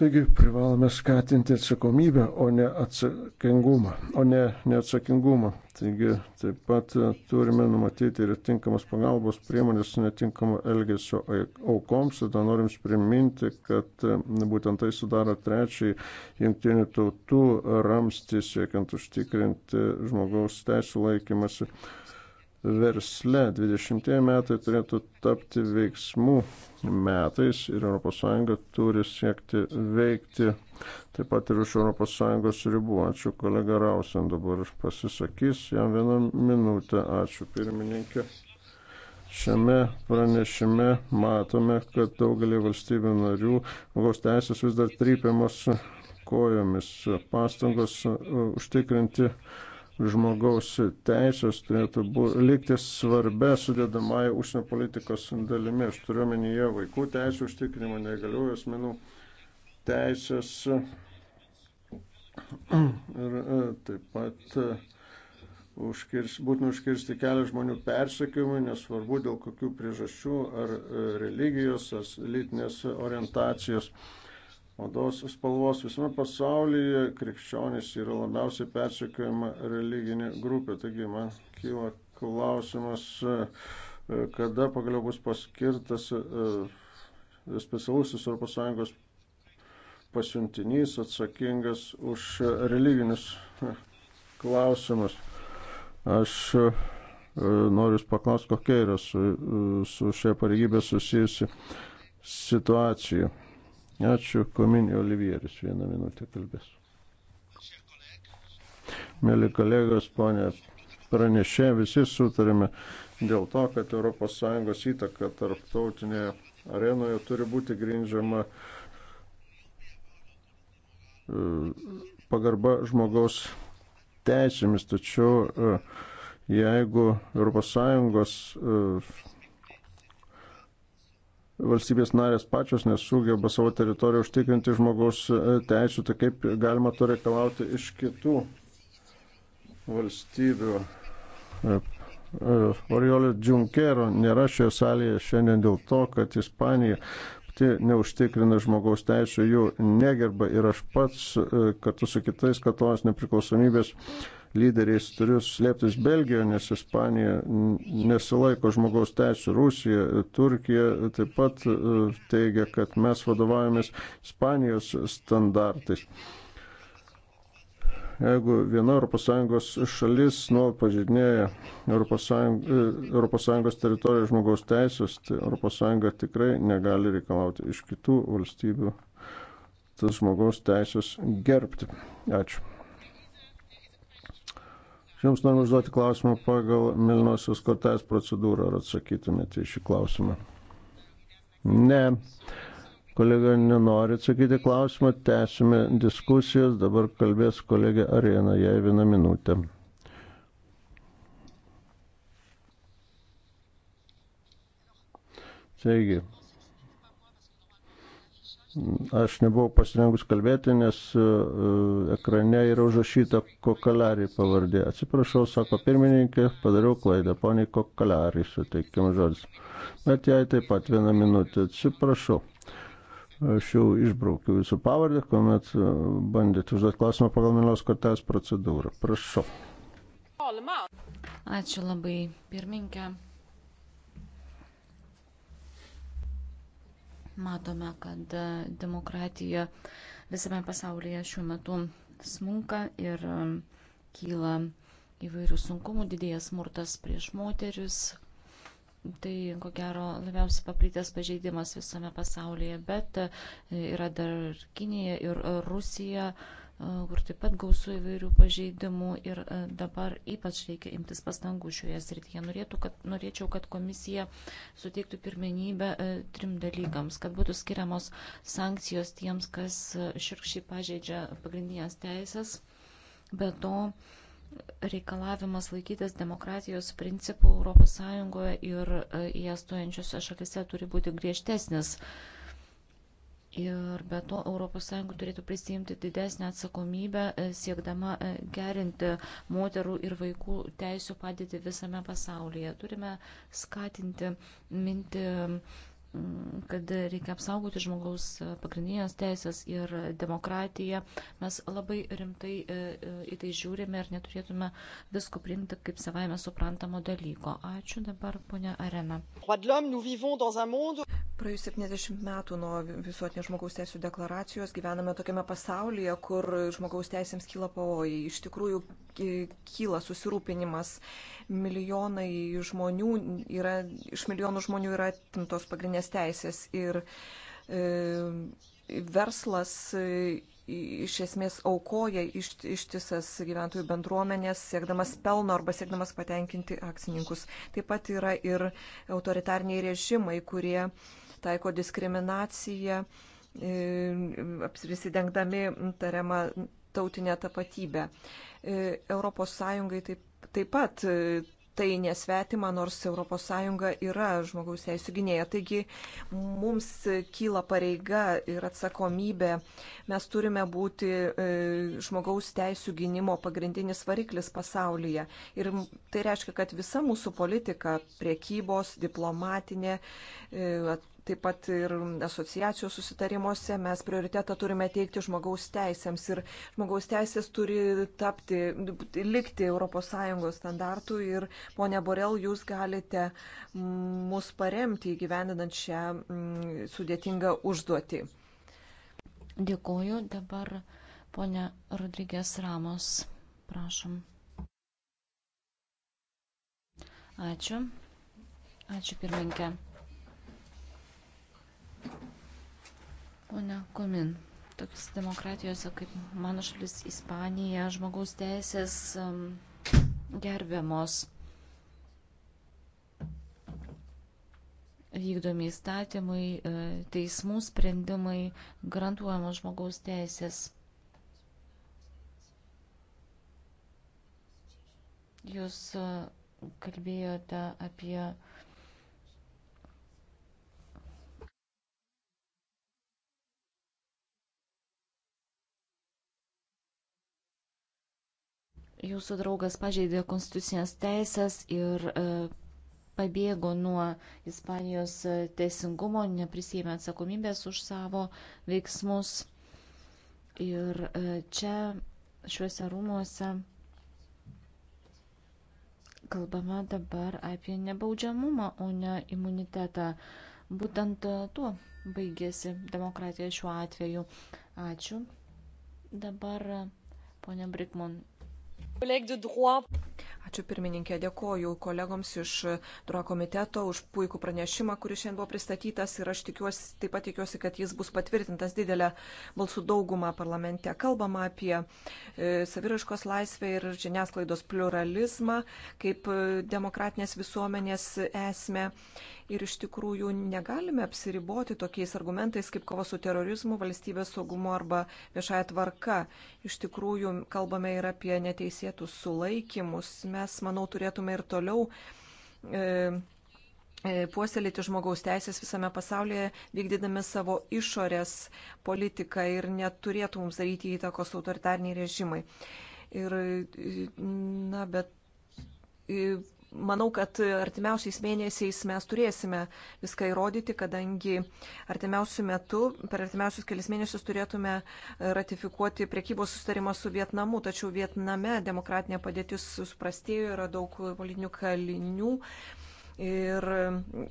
Taigi privalome skatinti atsakomybę, o ne atsakingumą, o ne neatsakingumą. Taigi taip pat turime numatyti ir tinkamas pagalbos priemonės netinkamo elgesio aukoms. Ir dar norim priminti, kad būtent tai sudaro trečiai jungtinių tautų ramstį siekiant užtikrinti žmogaus teisų laikymasi versle 20 metai turėtų tapti veiksmų metais ir ES turi siekti veikti taip pat ir už ES ribų. Ačiū kolega Rausen dabar pasisakys, jam vieną minutę. Ačiū pirmininkė. Šiame pranešime matome, kad daugelį valstybių narių žmogaus teisės vis dar trypiamos kojomis. Pastangos uh, užtikrinti uh, žmogaus teisės turėtų bu, likti svarbia sudėdamai užsienio politikos dalimi. Aš turiu menyje vaikų teisų užtikrinimą, negaliųjų asmenų teisės ir e, taip pat e, užkirs, būtina užkirsti kelią žmonių persekiojimui, nesvarbu dėl kokių priežasčių ar e, religijos, ar lytinės orientacijos odos spalvos. Visame pasaulyje krikščionys yra labiausiai persekiojama religinė grupė. Taigi man kyla klausimas, e, kada pagaliau bus paskirtas e, specialusis ES pasiuntinys atsakingas už religinius e, klausimus. Aš noriu paklausti, kokia yra su, su šia pareigybė susijusi situacija. Ačiū, Kominė Olivieris vieną minutę kalbės. Mėly kolegos, ponė pranešė, visi sutarėme dėl to, kad ES įtaka tarptautinėje arenoje turi būti grindžiama e, pagarba žmogaus teisėmis, tačiau e, jeigu ES e, valstybės narės pačios nesugeba savo teritoriją užtikrinti žmogaus e, teisų, tai kaip galima to reikalauti iš kitų valstybių. E, e, Oriolio Džunkero nėra šioje salėje šiandien dėl to, kad Ispanija pati neužtikrina žmogaus teisų, jų negerba ir aš pats kartu su kitais Katalos nepriklausomybės lyderiais turiu slėptis Belgijoje, nes Ispanija nesilaiko žmogaus teisų, Rusija, Turkija taip pat e, teigia, kad mes vadovavomės Ispanijos standartais. Jeigu viena ES šalis nuolat pažydinėja ES e, teritorijos žmogaus teisės, tai ES tikrai negali reikalauti iš kitų valstybių tas žmogaus teisės gerbti. Ačiū. Jums noriu užduoti klausimą pagal Milnosios kortelės procedūrą, ar atsakytumėte į šį klausimą. Ne, kolega nenori atsakyti klausimą, tęsime diskusijas, dabar kalbės kolegė Arena, jai vieną minutę. Taigi, Aš nebuvau pasirengus kalbėti, nes e, e, ekrane yra užrašyta kokalarį pavardė. Atsiprašau, sako pirmininkė, padariau klaidą, poniai kokalarį suteikiam žodis. Bet jai taip pat vieną minutę atsiprašau. Aš jau išbraukiu jūsų pavardę, kuomet e, bandėte užduoti klausimą pagal Milos kortelės procedūrą. Prašau. Ačiū labai, pirmininkė. Matome, kad e, demokratija visame pasaulyje šiuo metu smunka ir e, kyla įvairių sunkumų, didėja smurtas prieš moteris. Tai, ko gero, labiausiai paplitęs pažeidimas visame pasaulyje, bet e, yra dar Kinija ir Rusija, kur taip pat gausų įvairių pažeidimų ir dabar ypač reikia imtis pastangų šioje srityje. Norėtų, kad, norėčiau, kad komisija suteiktų pirmenybę trim dalykams, kad būtų skiriamos sankcijos tiems, kas širkščiai pažeidžia pagrindinės teisės. Be to, reikalavimas laikytis demokratijos principų ES ir į ją stojančiose šalise turi būti griežtesnis. Uh, Ir be to ES turėtų prisijimti didesnę atsakomybę, e, siekdama e, gerinti moterų ir vaikų teisų padėti visame pasaulyje. Turime skatinti minti kad reikia apsaugoti žmogaus pagrindinės teisės ir demokratiją. Mes labai rimtai e, e, į tai žiūrime ir neturėtume visko priimti kaip savaime suprantamo dalyko. Ačiū dabar, ponia Arena. Praėjus 70 metų nuo visuotinės žmogaus teisų deklaracijos gyvename tokiame pasaulyje, kur žmogaus teisėms kyla pavojai. Iš tikrųjų, E, kyla susirūpinimas. Milijonai žmonių yra, iš milijonų žmonių yra atimtos pagrindinės teisės ir e, verslas e, iš esmės aukoja iš, ištisas gyventojų bendruomenės, siekdamas pelno arba siekdamas patenkinti akcininkus. Taip pat yra ir autoritarniai režimai, kurie taiko diskriminaciją, e, apsidengdami tariamą tautinę tapatybę. ES taip, taip pat e, tai nesvetima, nors ES yra žmogaus teisų gynėja. Taigi mums kyla pareiga ir atsakomybė. Mes turime būti e, žmogaus teisų gynimo pagrindinis variklis pasaulyje. Ir tai reiškia, kad visa mūsų politika - priekybos, diplomatinė, e, taip pat ir asociacijų susitarimuose mes prioritetą turime teikti žmogaus teisėms ir žmogaus teisės turi tapti, likti ES standartų ir, ponė Borel, jūs galite mus paremti įgyvendinant šią mm, sudėtingą užduotį. Dėkuoju. Dabar ponė Rodrygės Ramos, prašom. Ačiū. Ačiū pirmininkė. Pone Komin, tokiuose demokratijose kaip mano šalis Ispanija, žmogaus teisės gerbiamos. Vykdomi įstatymai, e, teismų sprendimai, garantuojamos žmogaus teisės. Jūs e, kalbėjote apie Jūsų draugas pažeidė konstitucinės teisės ir e, pabėgo nuo Ispanijos e, teisingumo, neprisėmė atsakomybės už savo veiksmus. Ir e, čia šiuose rūmuose kalbama dabar apie nebaudžiamumą, o ne imunitetą. Būtent tuo baigėsi demokratija šiuo atveju. Ačiū. Dabar ponia Brikmon Ačiū pirmininkė, dėkoju kolegoms iš Dro komiteto už puikų pranešimą, kuris šiandien buvo pristatytas ir aš tikiuosi, taip pat tikiuosi, kad jis bus patvirtintas didelę balsų daugumą parlamente. Kalbama apie e, saviraškos laisvę ir žiniasklaidos pluralizmą kaip e, demokratinės visuomenės esmę ir iš tikrųjų negalime apsiriboti tokiais argumentais kaip kova su terorizmu, valstybės saugumo arba viešąją tvarką. Iš tikrųjų kalbame ir apie neteisėtus sulaikimus. Mes, manau, turėtume ir toliau. E, e, puoselėti žmogaus teisės visame pasaulyje, vykdydami savo išorės politiką ir neturėtų mums daryti įtakos autoritarniai režimai. Ir, na, bet manau, kad artimiausiais mėnesiais mes turėsime viską įrodyti, kadangi artimiausių metų, per artimiausius kelias mėnesius turėtume ratifikuoti priekybos sustarimą su Vietnamu, tačiau Vietname demokratinė padėtis suprastėjo, yra daug politinių kalinių ir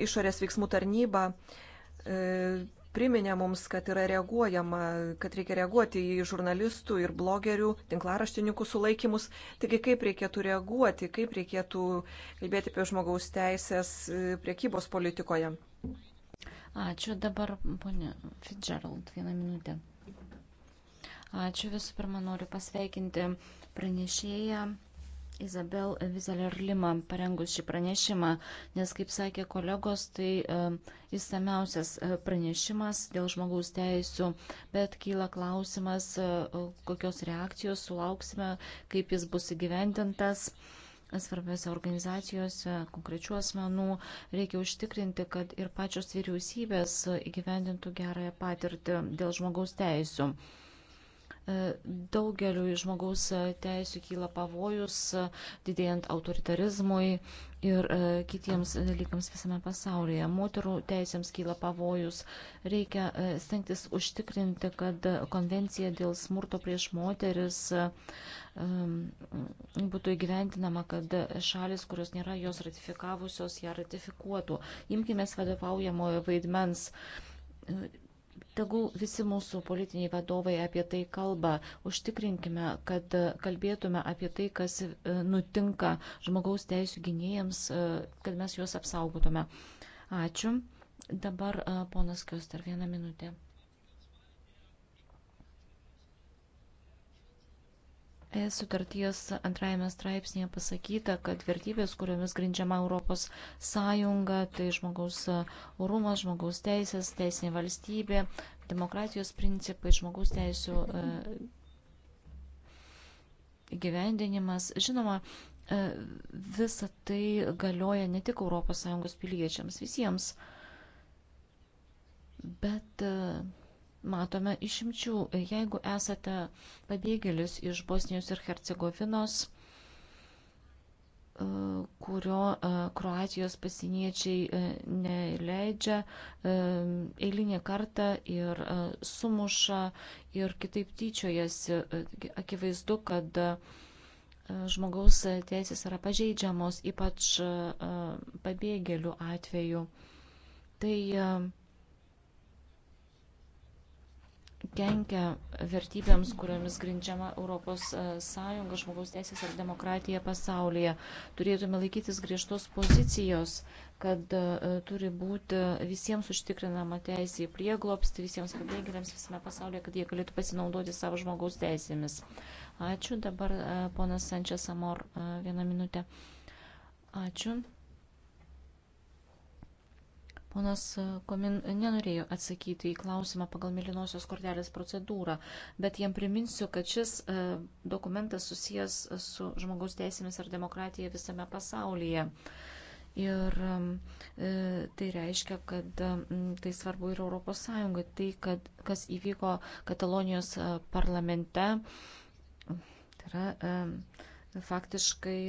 išorės veiksmų tarnyba e, priminė mums, kad yra reaguojama, kad reikia reaguoti į žurnalistų ir blogerių, tinklaraštininkų sulaikymus. Taigi kaip reikėtų reaguoti, kaip reikėtų kalbėti apie žmogaus teisės e, priekybos politikoje. Ačiū dabar, ponė Fitzgerald, vieną minutę. Ačiū visų pirma, noriu pasveikinti pranešėją Izabel Vizeler Lima parengus šį pranešimą, nes, kaip sakė kolegos, tai įsamiausias e, pranešimas dėl žmogaus teisų, bet kyla klausimas, e, kokios reakcijos sulauksime, kaip jis bus įgyvendintas svarbiose organizacijose, konkrečių asmenų, reikia užtikrinti, kad ir pačios vyriausybės įgyvendintų gerąją patirtį dėl žmogaus teisų. E, Daugeliu žmogaus teisų kyla pavojus, didėjant autoritarizmui ir e, kitiems dalykams visame pasaulyje. Moterų teisėms kyla pavojus. Reikia e, stengtis užtikrinti, kad konvencija dėl smurto prieš moteris būtų įgyventinama, kad šalis, kurios nėra jos ratifikavusios, ją ratifikuotų. Imkime vadovaujamo vaidmens Tegul visi mūsų politiniai vadovai apie tai kalba. Užtikrinkime, kad kalbėtume apie tai, kas e, nutinka žmogaus teisų gynėjams, e, kad mes juos apsaugotume. Ačiū. Dabar e, ponas Kiostar, vieną minutę. ES sutarties antrajame straipsnėje pasakyta, kad vertybės, kuriomis grindžiama Europos sąjunga, tai žmogaus orumas, žmogaus teisės, teisinė valstybė, demokratijos principai, žmogaus teisų e, gyvendinimas. Žinoma, e, visa tai galioja ne tik ES piliečiams, visiems. Bet uh, matome išimčių. Jeigu esate pabėgėlis iš Bosnijos ir Hercegovinos, e, kurio e, Kroatijos pasieniečiai e, neleidžia eilinį kartą ir sumuša ir kitaip tyčiojasi. Akivaizdu, kad žmogaus teisės yra pažeidžiamos, ypač pabėgėlių atveju. Tai kenkia vertybėms, kuriomis grindžiama Europos e, Sąjunga, žmogaus teisės ir demokratija pasaulyje. Turėtume laikytis griežtos pozicijos, kad e, turi būti visiems užtikrinama teisė į prieglopstį, visiems pabėgėliams visame pasaulyje, kad jie galėtų pasinaudoti savo žmogaus teisėmis. Ačiū. Dabar e, ponas Sančias Amor vieną minutę. Ačiū. Ponas Komin nenorėjo atsakyti į klausimą pagal Milinosios kortelės procedūrą, bet jam priminsiu, kad šis e, dokumentas susijęs su žmogaus teisėmis ir demokratija visame pasaulyje. Ir e, tai reiškia, kad tai svarbu ir Europos Sąjungai. Tai, kad, kas įvyko Katalonijos e, parlamente, tai yra faktiškai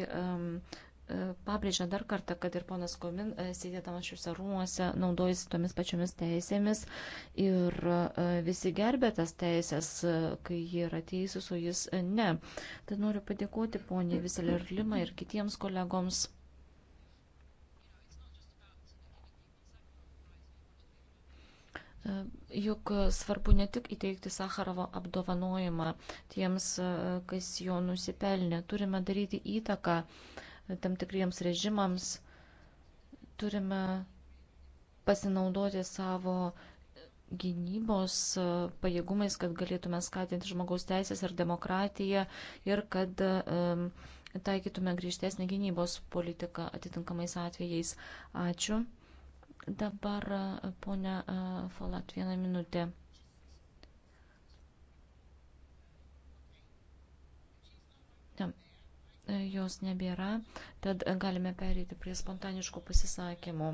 pabrėžia dar kartą, kad ir ponas Komin, e, sėdėdamas šiuose rūmuose, naudojasi tomis pačiomis teisėmis ir e, visi gerbė tas teisės, e, kai jie yra teisūs, o jis ne. Tad noriu padėkoti poniai Viselė ir Lima ir kitiems kolegoms. Juk svarbu ne tik įteikti Sakarovo apdovanojimą tiems, kas jo nusipelnė, turime daryti įtaką uh, tam tikriems režimams, turime pasinaudoti savo gynybos e, pajėgumais, kad galėtume skatinti žmogaus teisės ir demokratiją ir kad e, taikytume grįžtesnį gynybos politiką atitinkamais atvejais. Ačiū. Dabar e, ponia Falat vieną minutę. Tam jos nebėra, tad galime perėti prie spontaniškų pasisakymų.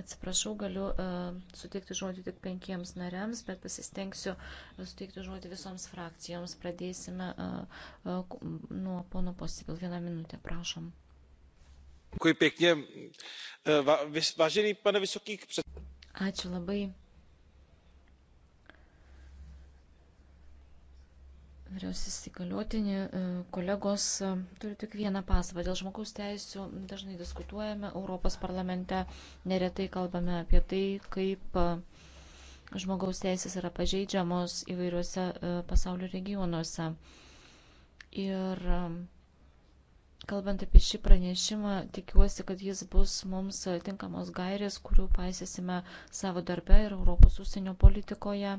Atsiprašau, galiu uh, suteikti žodį tik penkiems nariams, bet pasistengsiu e, suteikti žodį visoms frakcijoms. Pradėsime uh, uh, nuo pono Posipil. Vieną minutę, prašom. Ačiū labai. Vyriausias įgaliotinį, e, kolegos, e, turiu tik vieną pasvą. Dėl žmogaus teisų dažnai diskutuojame Europos parlamente, neretai kalbame apie tai, kaip e, žmogaus teisės yra pažeidžiamos įvairiuose pasaulio regionuose. Ir kalbant apie šį pranešimą, tikiuosi, kad jis bus mums tinkamos gairės, kurių paisysime savo darbe ir Europos užsienio politikoje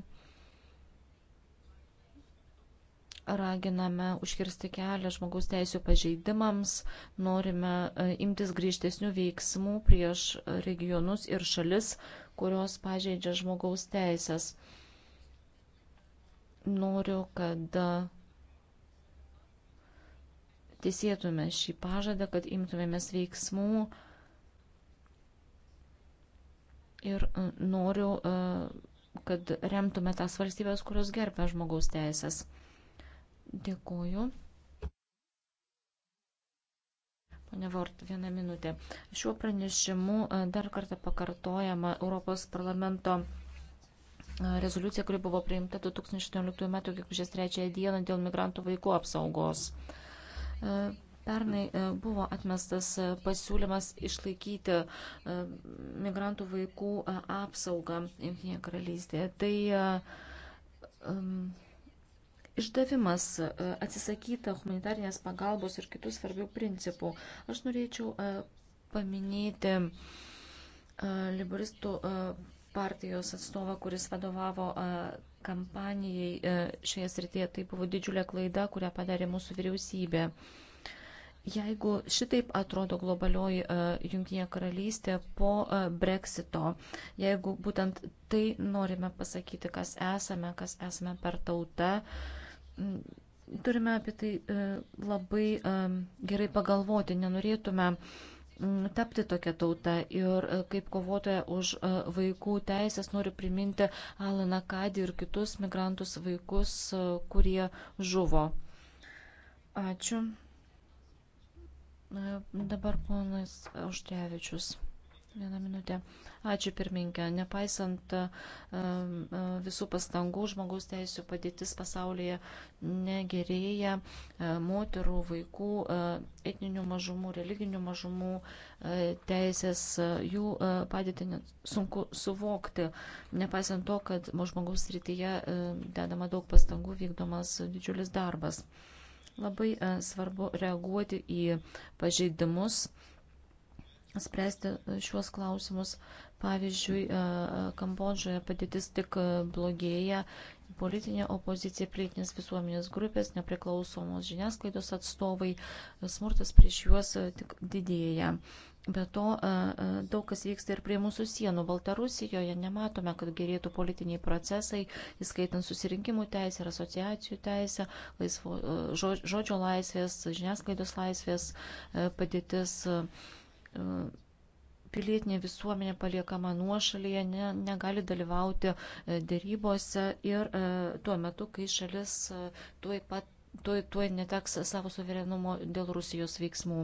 raginame užkirsti kelią žmogaus teisų pažeidimams, norime e, imtis grįžtesnių veiksmų prieš regionus ir šalis, kurios pažeidžia žmogaus teisės. Noriu, kad tiesėtume šį pažadą, kad imtumėmės veiksmų ir e, noriu, e, kad remtume tas valstybės, kurios gerbia žmogaus teisės. Dėkoju. Pane Vort, vieną minutę. Šiuo pranešimu e, dar kartą pakartojama Europos parlamento e, rezoliucija, kuri buvo priimta 2018 m. gegužės 3 d. dėl migrantų vaikų apsaugos. E, pernai buvo atmestas pasiūlymas išlaikyti migrantų vaikų apsaugą Junktinėje karalystėje. Tai um, Išdavimas, e, atsisakyta humanitarinės pagalbos ir kitų svarbių principų. Aš norėčiau e, paminėti e, liberistų partijos atstovą, kuris vadovavo kampanijai šioje srityje. Tai buvo didžiulė klaida, kurią padarė mūsų vyriausybė. Jeigu šitaip atrodo globalioji Junktinė karalystė po breksito, jeigu būtent tai norime pasakyti, kas esame, kas esame per tautą, Mm, turime apie tai e, labai e, gerai pagalvoti, nenorėtume mm, tapti tokią tautą ir e, kaip kovotoja už vaikų teisės noriu priminti Alaną Kadį ir kitus migrantus vaikus, kurie žuvo. Ačiū. Dabar ponas Auštrevičius. Vieną minutę. Ačiū pirmininkė. Nepaisant e, e, visų pastangų, žmogaus teisų padėtis pasaulyje negerėja. E, moterų, vaikų, etninių mažumų, religinių mažumų teisės, jų padėtį sunku suvokti. Nepaisant to, kad žmogaus rytyje dedama daug pastangų, vykdomas didžiulis darbas. Labai svarbu reaguoti į pažeidimus spręsti e, šiuos klausimus. Pavyzdžiui, e, e, Kambodžoje padėtis tik blogėja, politinė opozicija, plėtinės visuomenės grupės, nepriklausomos žiniasklaidos atstovai, smurtas prieš juos tik didėja. Be to, daug kas vyksta ir prie mūsų sienų. Baltarusijoje nematome, kad gerėtų politiniai procesai, įskaitant susirinkimų teisę ir asociacijų teisę, laisvo, žodžio laisvės, žiniasklaidos laisvės padėtis pilietinė visuomenė paliekama nuošalyje, ne, negali dalyvauti e, dėrybose ir e, tuo metu, kai šalis e, tuoj pat tuoj, tuoj neteks savo suverenumo dėl Rusijos veiksmų.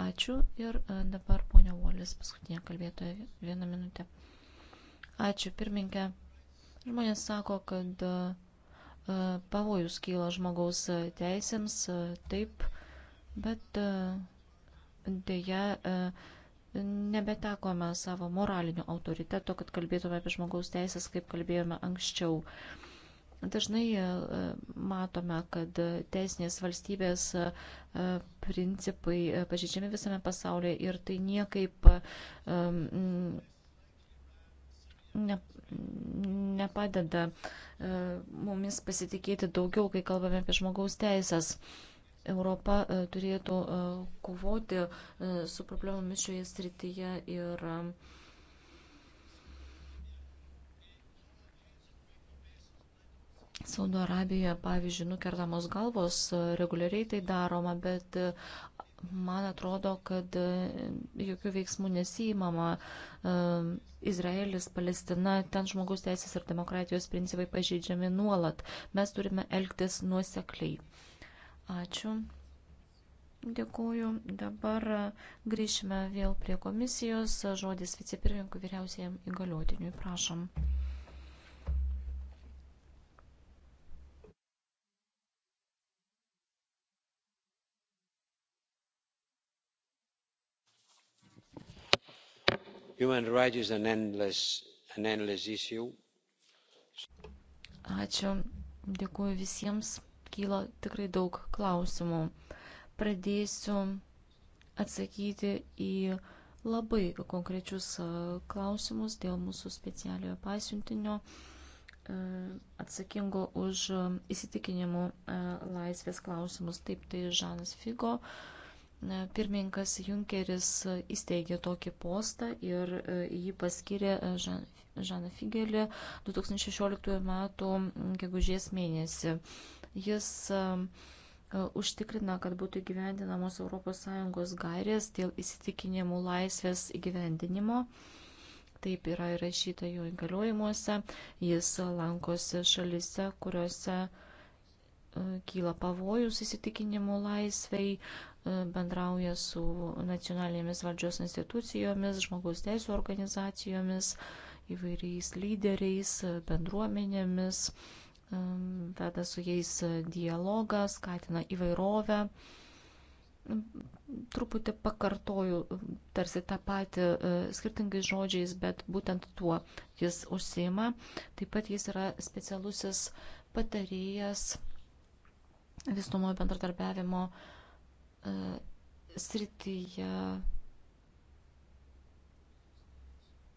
Ačiū ir dabar ponia Volis, paskutinė kalbėtoja, vieną minutę. Ačiū, pirminkė. Žmonės sako, kad pavojus kyla žmogaus teisėms, taip, bet dėja e, nebetekome savo moralinio autoriteto, kad kalbėtume apie žmogaus teisės, kaip kalbėjome anksčiau. Dažnai e, matome, kad teisinės valstybės e, principai pažydžiami visame pasaulyje ir tai niekaip ne, nepadeda mumis pasitikėti daugiau, kai kalbame apie žmogaus teisės. Europa e, turėtų e, kovoti e, su problemomis šioje srityje ir Saudo Arabijoje, pavyzdžiui, nukertamos galvos, reguliariai tai daroma, bet man atrodo, kad jokių veiksmų nesijimama. Izraelis, Palestina, ten žmogus teisės ir demokratijos principai pažeidžiami nuolat. Mes turime elgtis nuosekliai. Ačiū. Dėkuoju. Dabar grįžime vėl prie komisijos. Žodis vicepirmininkų vyriausiajam įgaliotiniui. Prašom. Human rights is an endless, an endless issue. Ačiū. Dėkuoju visiems kyla tikrai daug klausimų. Pradėsiu atsakyti į labai konkrečius klausimus dėl mūsų specialiojo pasiuntinio e, atsakingo už įsitikinimų e, laisvės klausimus. Taip, tai Žanas Figo, e, pirmininkas Junkeris įsteigė tokį postą ir jį paskyrė Žaną Figelį 2016 m. gegužės mėnesį. Jis um, e, užtikrina, kad būtų įgyvendinamos ES gairės dėl įsitikinimų laisvės įgyvendinimo. Taip yra įrašyta jo įgaliojimuose. Jis lankosi šalise, kuriuose e, kyla pavojus įsitikinimų laisvei, e, bendrauja su nacionalinėmis valdžios institucijomis, žmogaus teisų organizacijomis, įvairiais lyderiais, bendruomenėmis, veda su jais dialogą, skatina įvairovę. Truputį pakartoju tarsi tą patį e, skirtingais žodžiais, bet būtent tuo jis užsima. Taip pat jis yra specialusis patarėjas visumo bendradarbiavimo e, srityje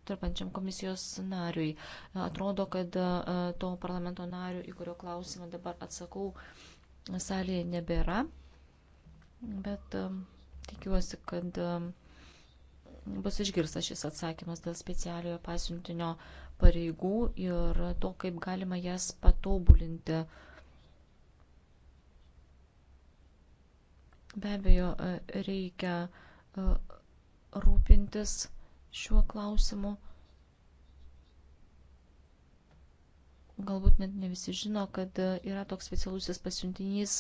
tarpančiam komisijos nariui. Atrodo, kad to parlamento nariu, į kurio klausimą dabar atsakau, salėje nebėra, bet tikiuosi, kad bus išgirstas šis atsakymas dėl specialiojo pasiuntinio pareigų ir to, kaip galima jas patobulinti. Be abejo, reikia rūpintis šiuo klausimu. Galbūt net ne visi žino, kad yra toks specialusis pasiuntinys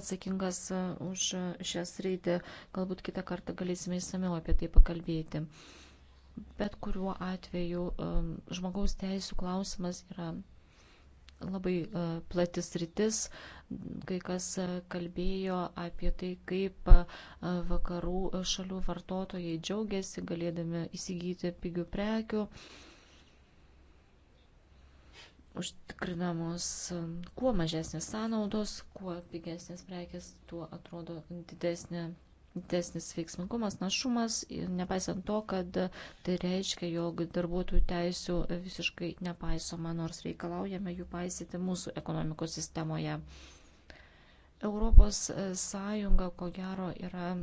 atsakingas e, už e, šią sritį. Galbūt kitą kartą galėsime įsameu apie tai pakalbėti. Bet kuriuo atveju e, žmogaus teisų klausimas yra labai e, platis rytis. Kai kas e, kalbėjo apie tai, kaip e, vakarų šalių vartotojai džiaugiasi galėdami įsigyti pigių prekių, užtikrinamos kuo mažesnės sąnaudos, kuo pigesnės prekės, tuo atrodo didesnė desnis veiksmingumas, našumas, nepaisant to, kad tai reiškia, jog darbuotojų teisų visiškai nepaisoma, nors reikalaujame jų paisyti mūsų ekonomikos sistemoje. Europos Sąjunga, ko gero, yra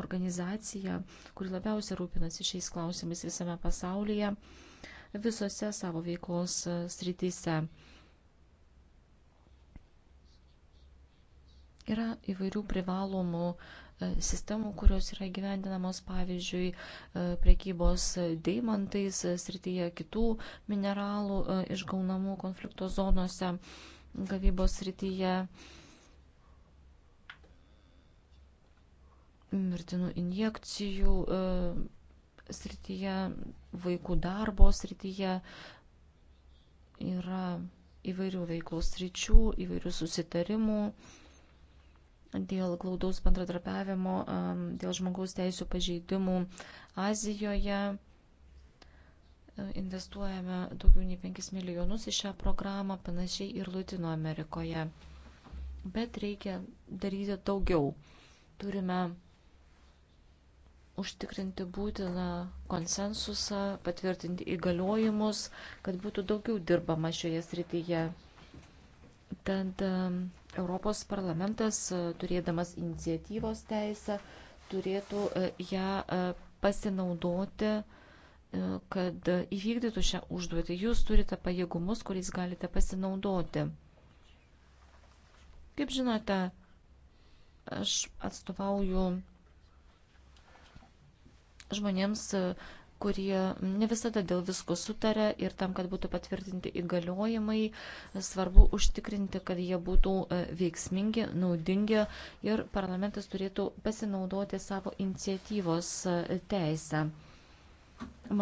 organizacija, kuri labiausiai rūpinasi šiais klausimais visame pasaulyje, visose savo veiklos srityse. Yra įvairių privalomų uh, E, sistemų, kurios yra gyvendinamos, pavyzdžiui, e, prekybos deimantais srityje kitų mineralų e, išgaunamų konflikto zonose, gavybos srityje. mirtinų injekcijų srityje, vaikų darbo srityje yra įvairių veiklos sričių, įvairių susitarimų dėl glaudaus bendradarbiavimo, dėl žmogaus teisų pažeidimų Azijoje. Investuojame daugiau nei 5 milijonus į šią programą, panašiai ir Latino Amerikoje. Bet reikia daryti daugiau. Turime užtikrinti būtiną konsensusą, patvirtinti įgaliojimus, kad būtų daugiau dirbama šioje srityje. Tad Europos parlamentas, e, turėdamas iniciatyvos teisę, turėtų e, ją e, pasinaudoti, kad įvykdytų šią užduotį. Jūs turite pajėgumus, kuriais galite pasinaudoti. Kaip žinote, aš atstovauju žmonėms, kurie ne visada dėl visko sutarė ir tam, kad būtų patvirtinti įgaliojimai, svarbu užtikrinti, kad jie būtų e, veiksmingi, naudingi ir parlamentas turėtų pasinaudoti savo iniciatyvos e, teisę.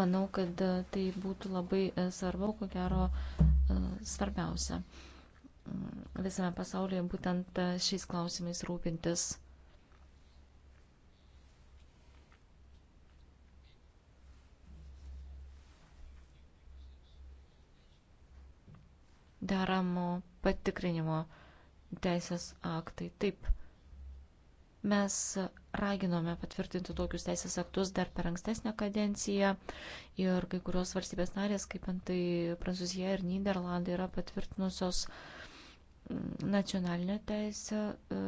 Manau, kad e, tai būtų labai svarbu, ko gero svarbiausia visame pasaulyje būtent šiais klausimais rūpintis. deramo patikrinimo teisės aktai. Taip, mes raginome patvirtinti tokius teisės aktus dar per ankstesnę kadenciją ir kai kurios valstybės narės, kaip antai Prancūzija ir Niderlandai, yra patvirtinusios mm, nacionalinę teisę e,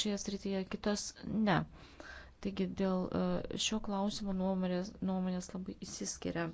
šioje srityje, kitos ne. Taigi dėl e, šio klausimo nuomonės, nuomonės labai įsiskiria.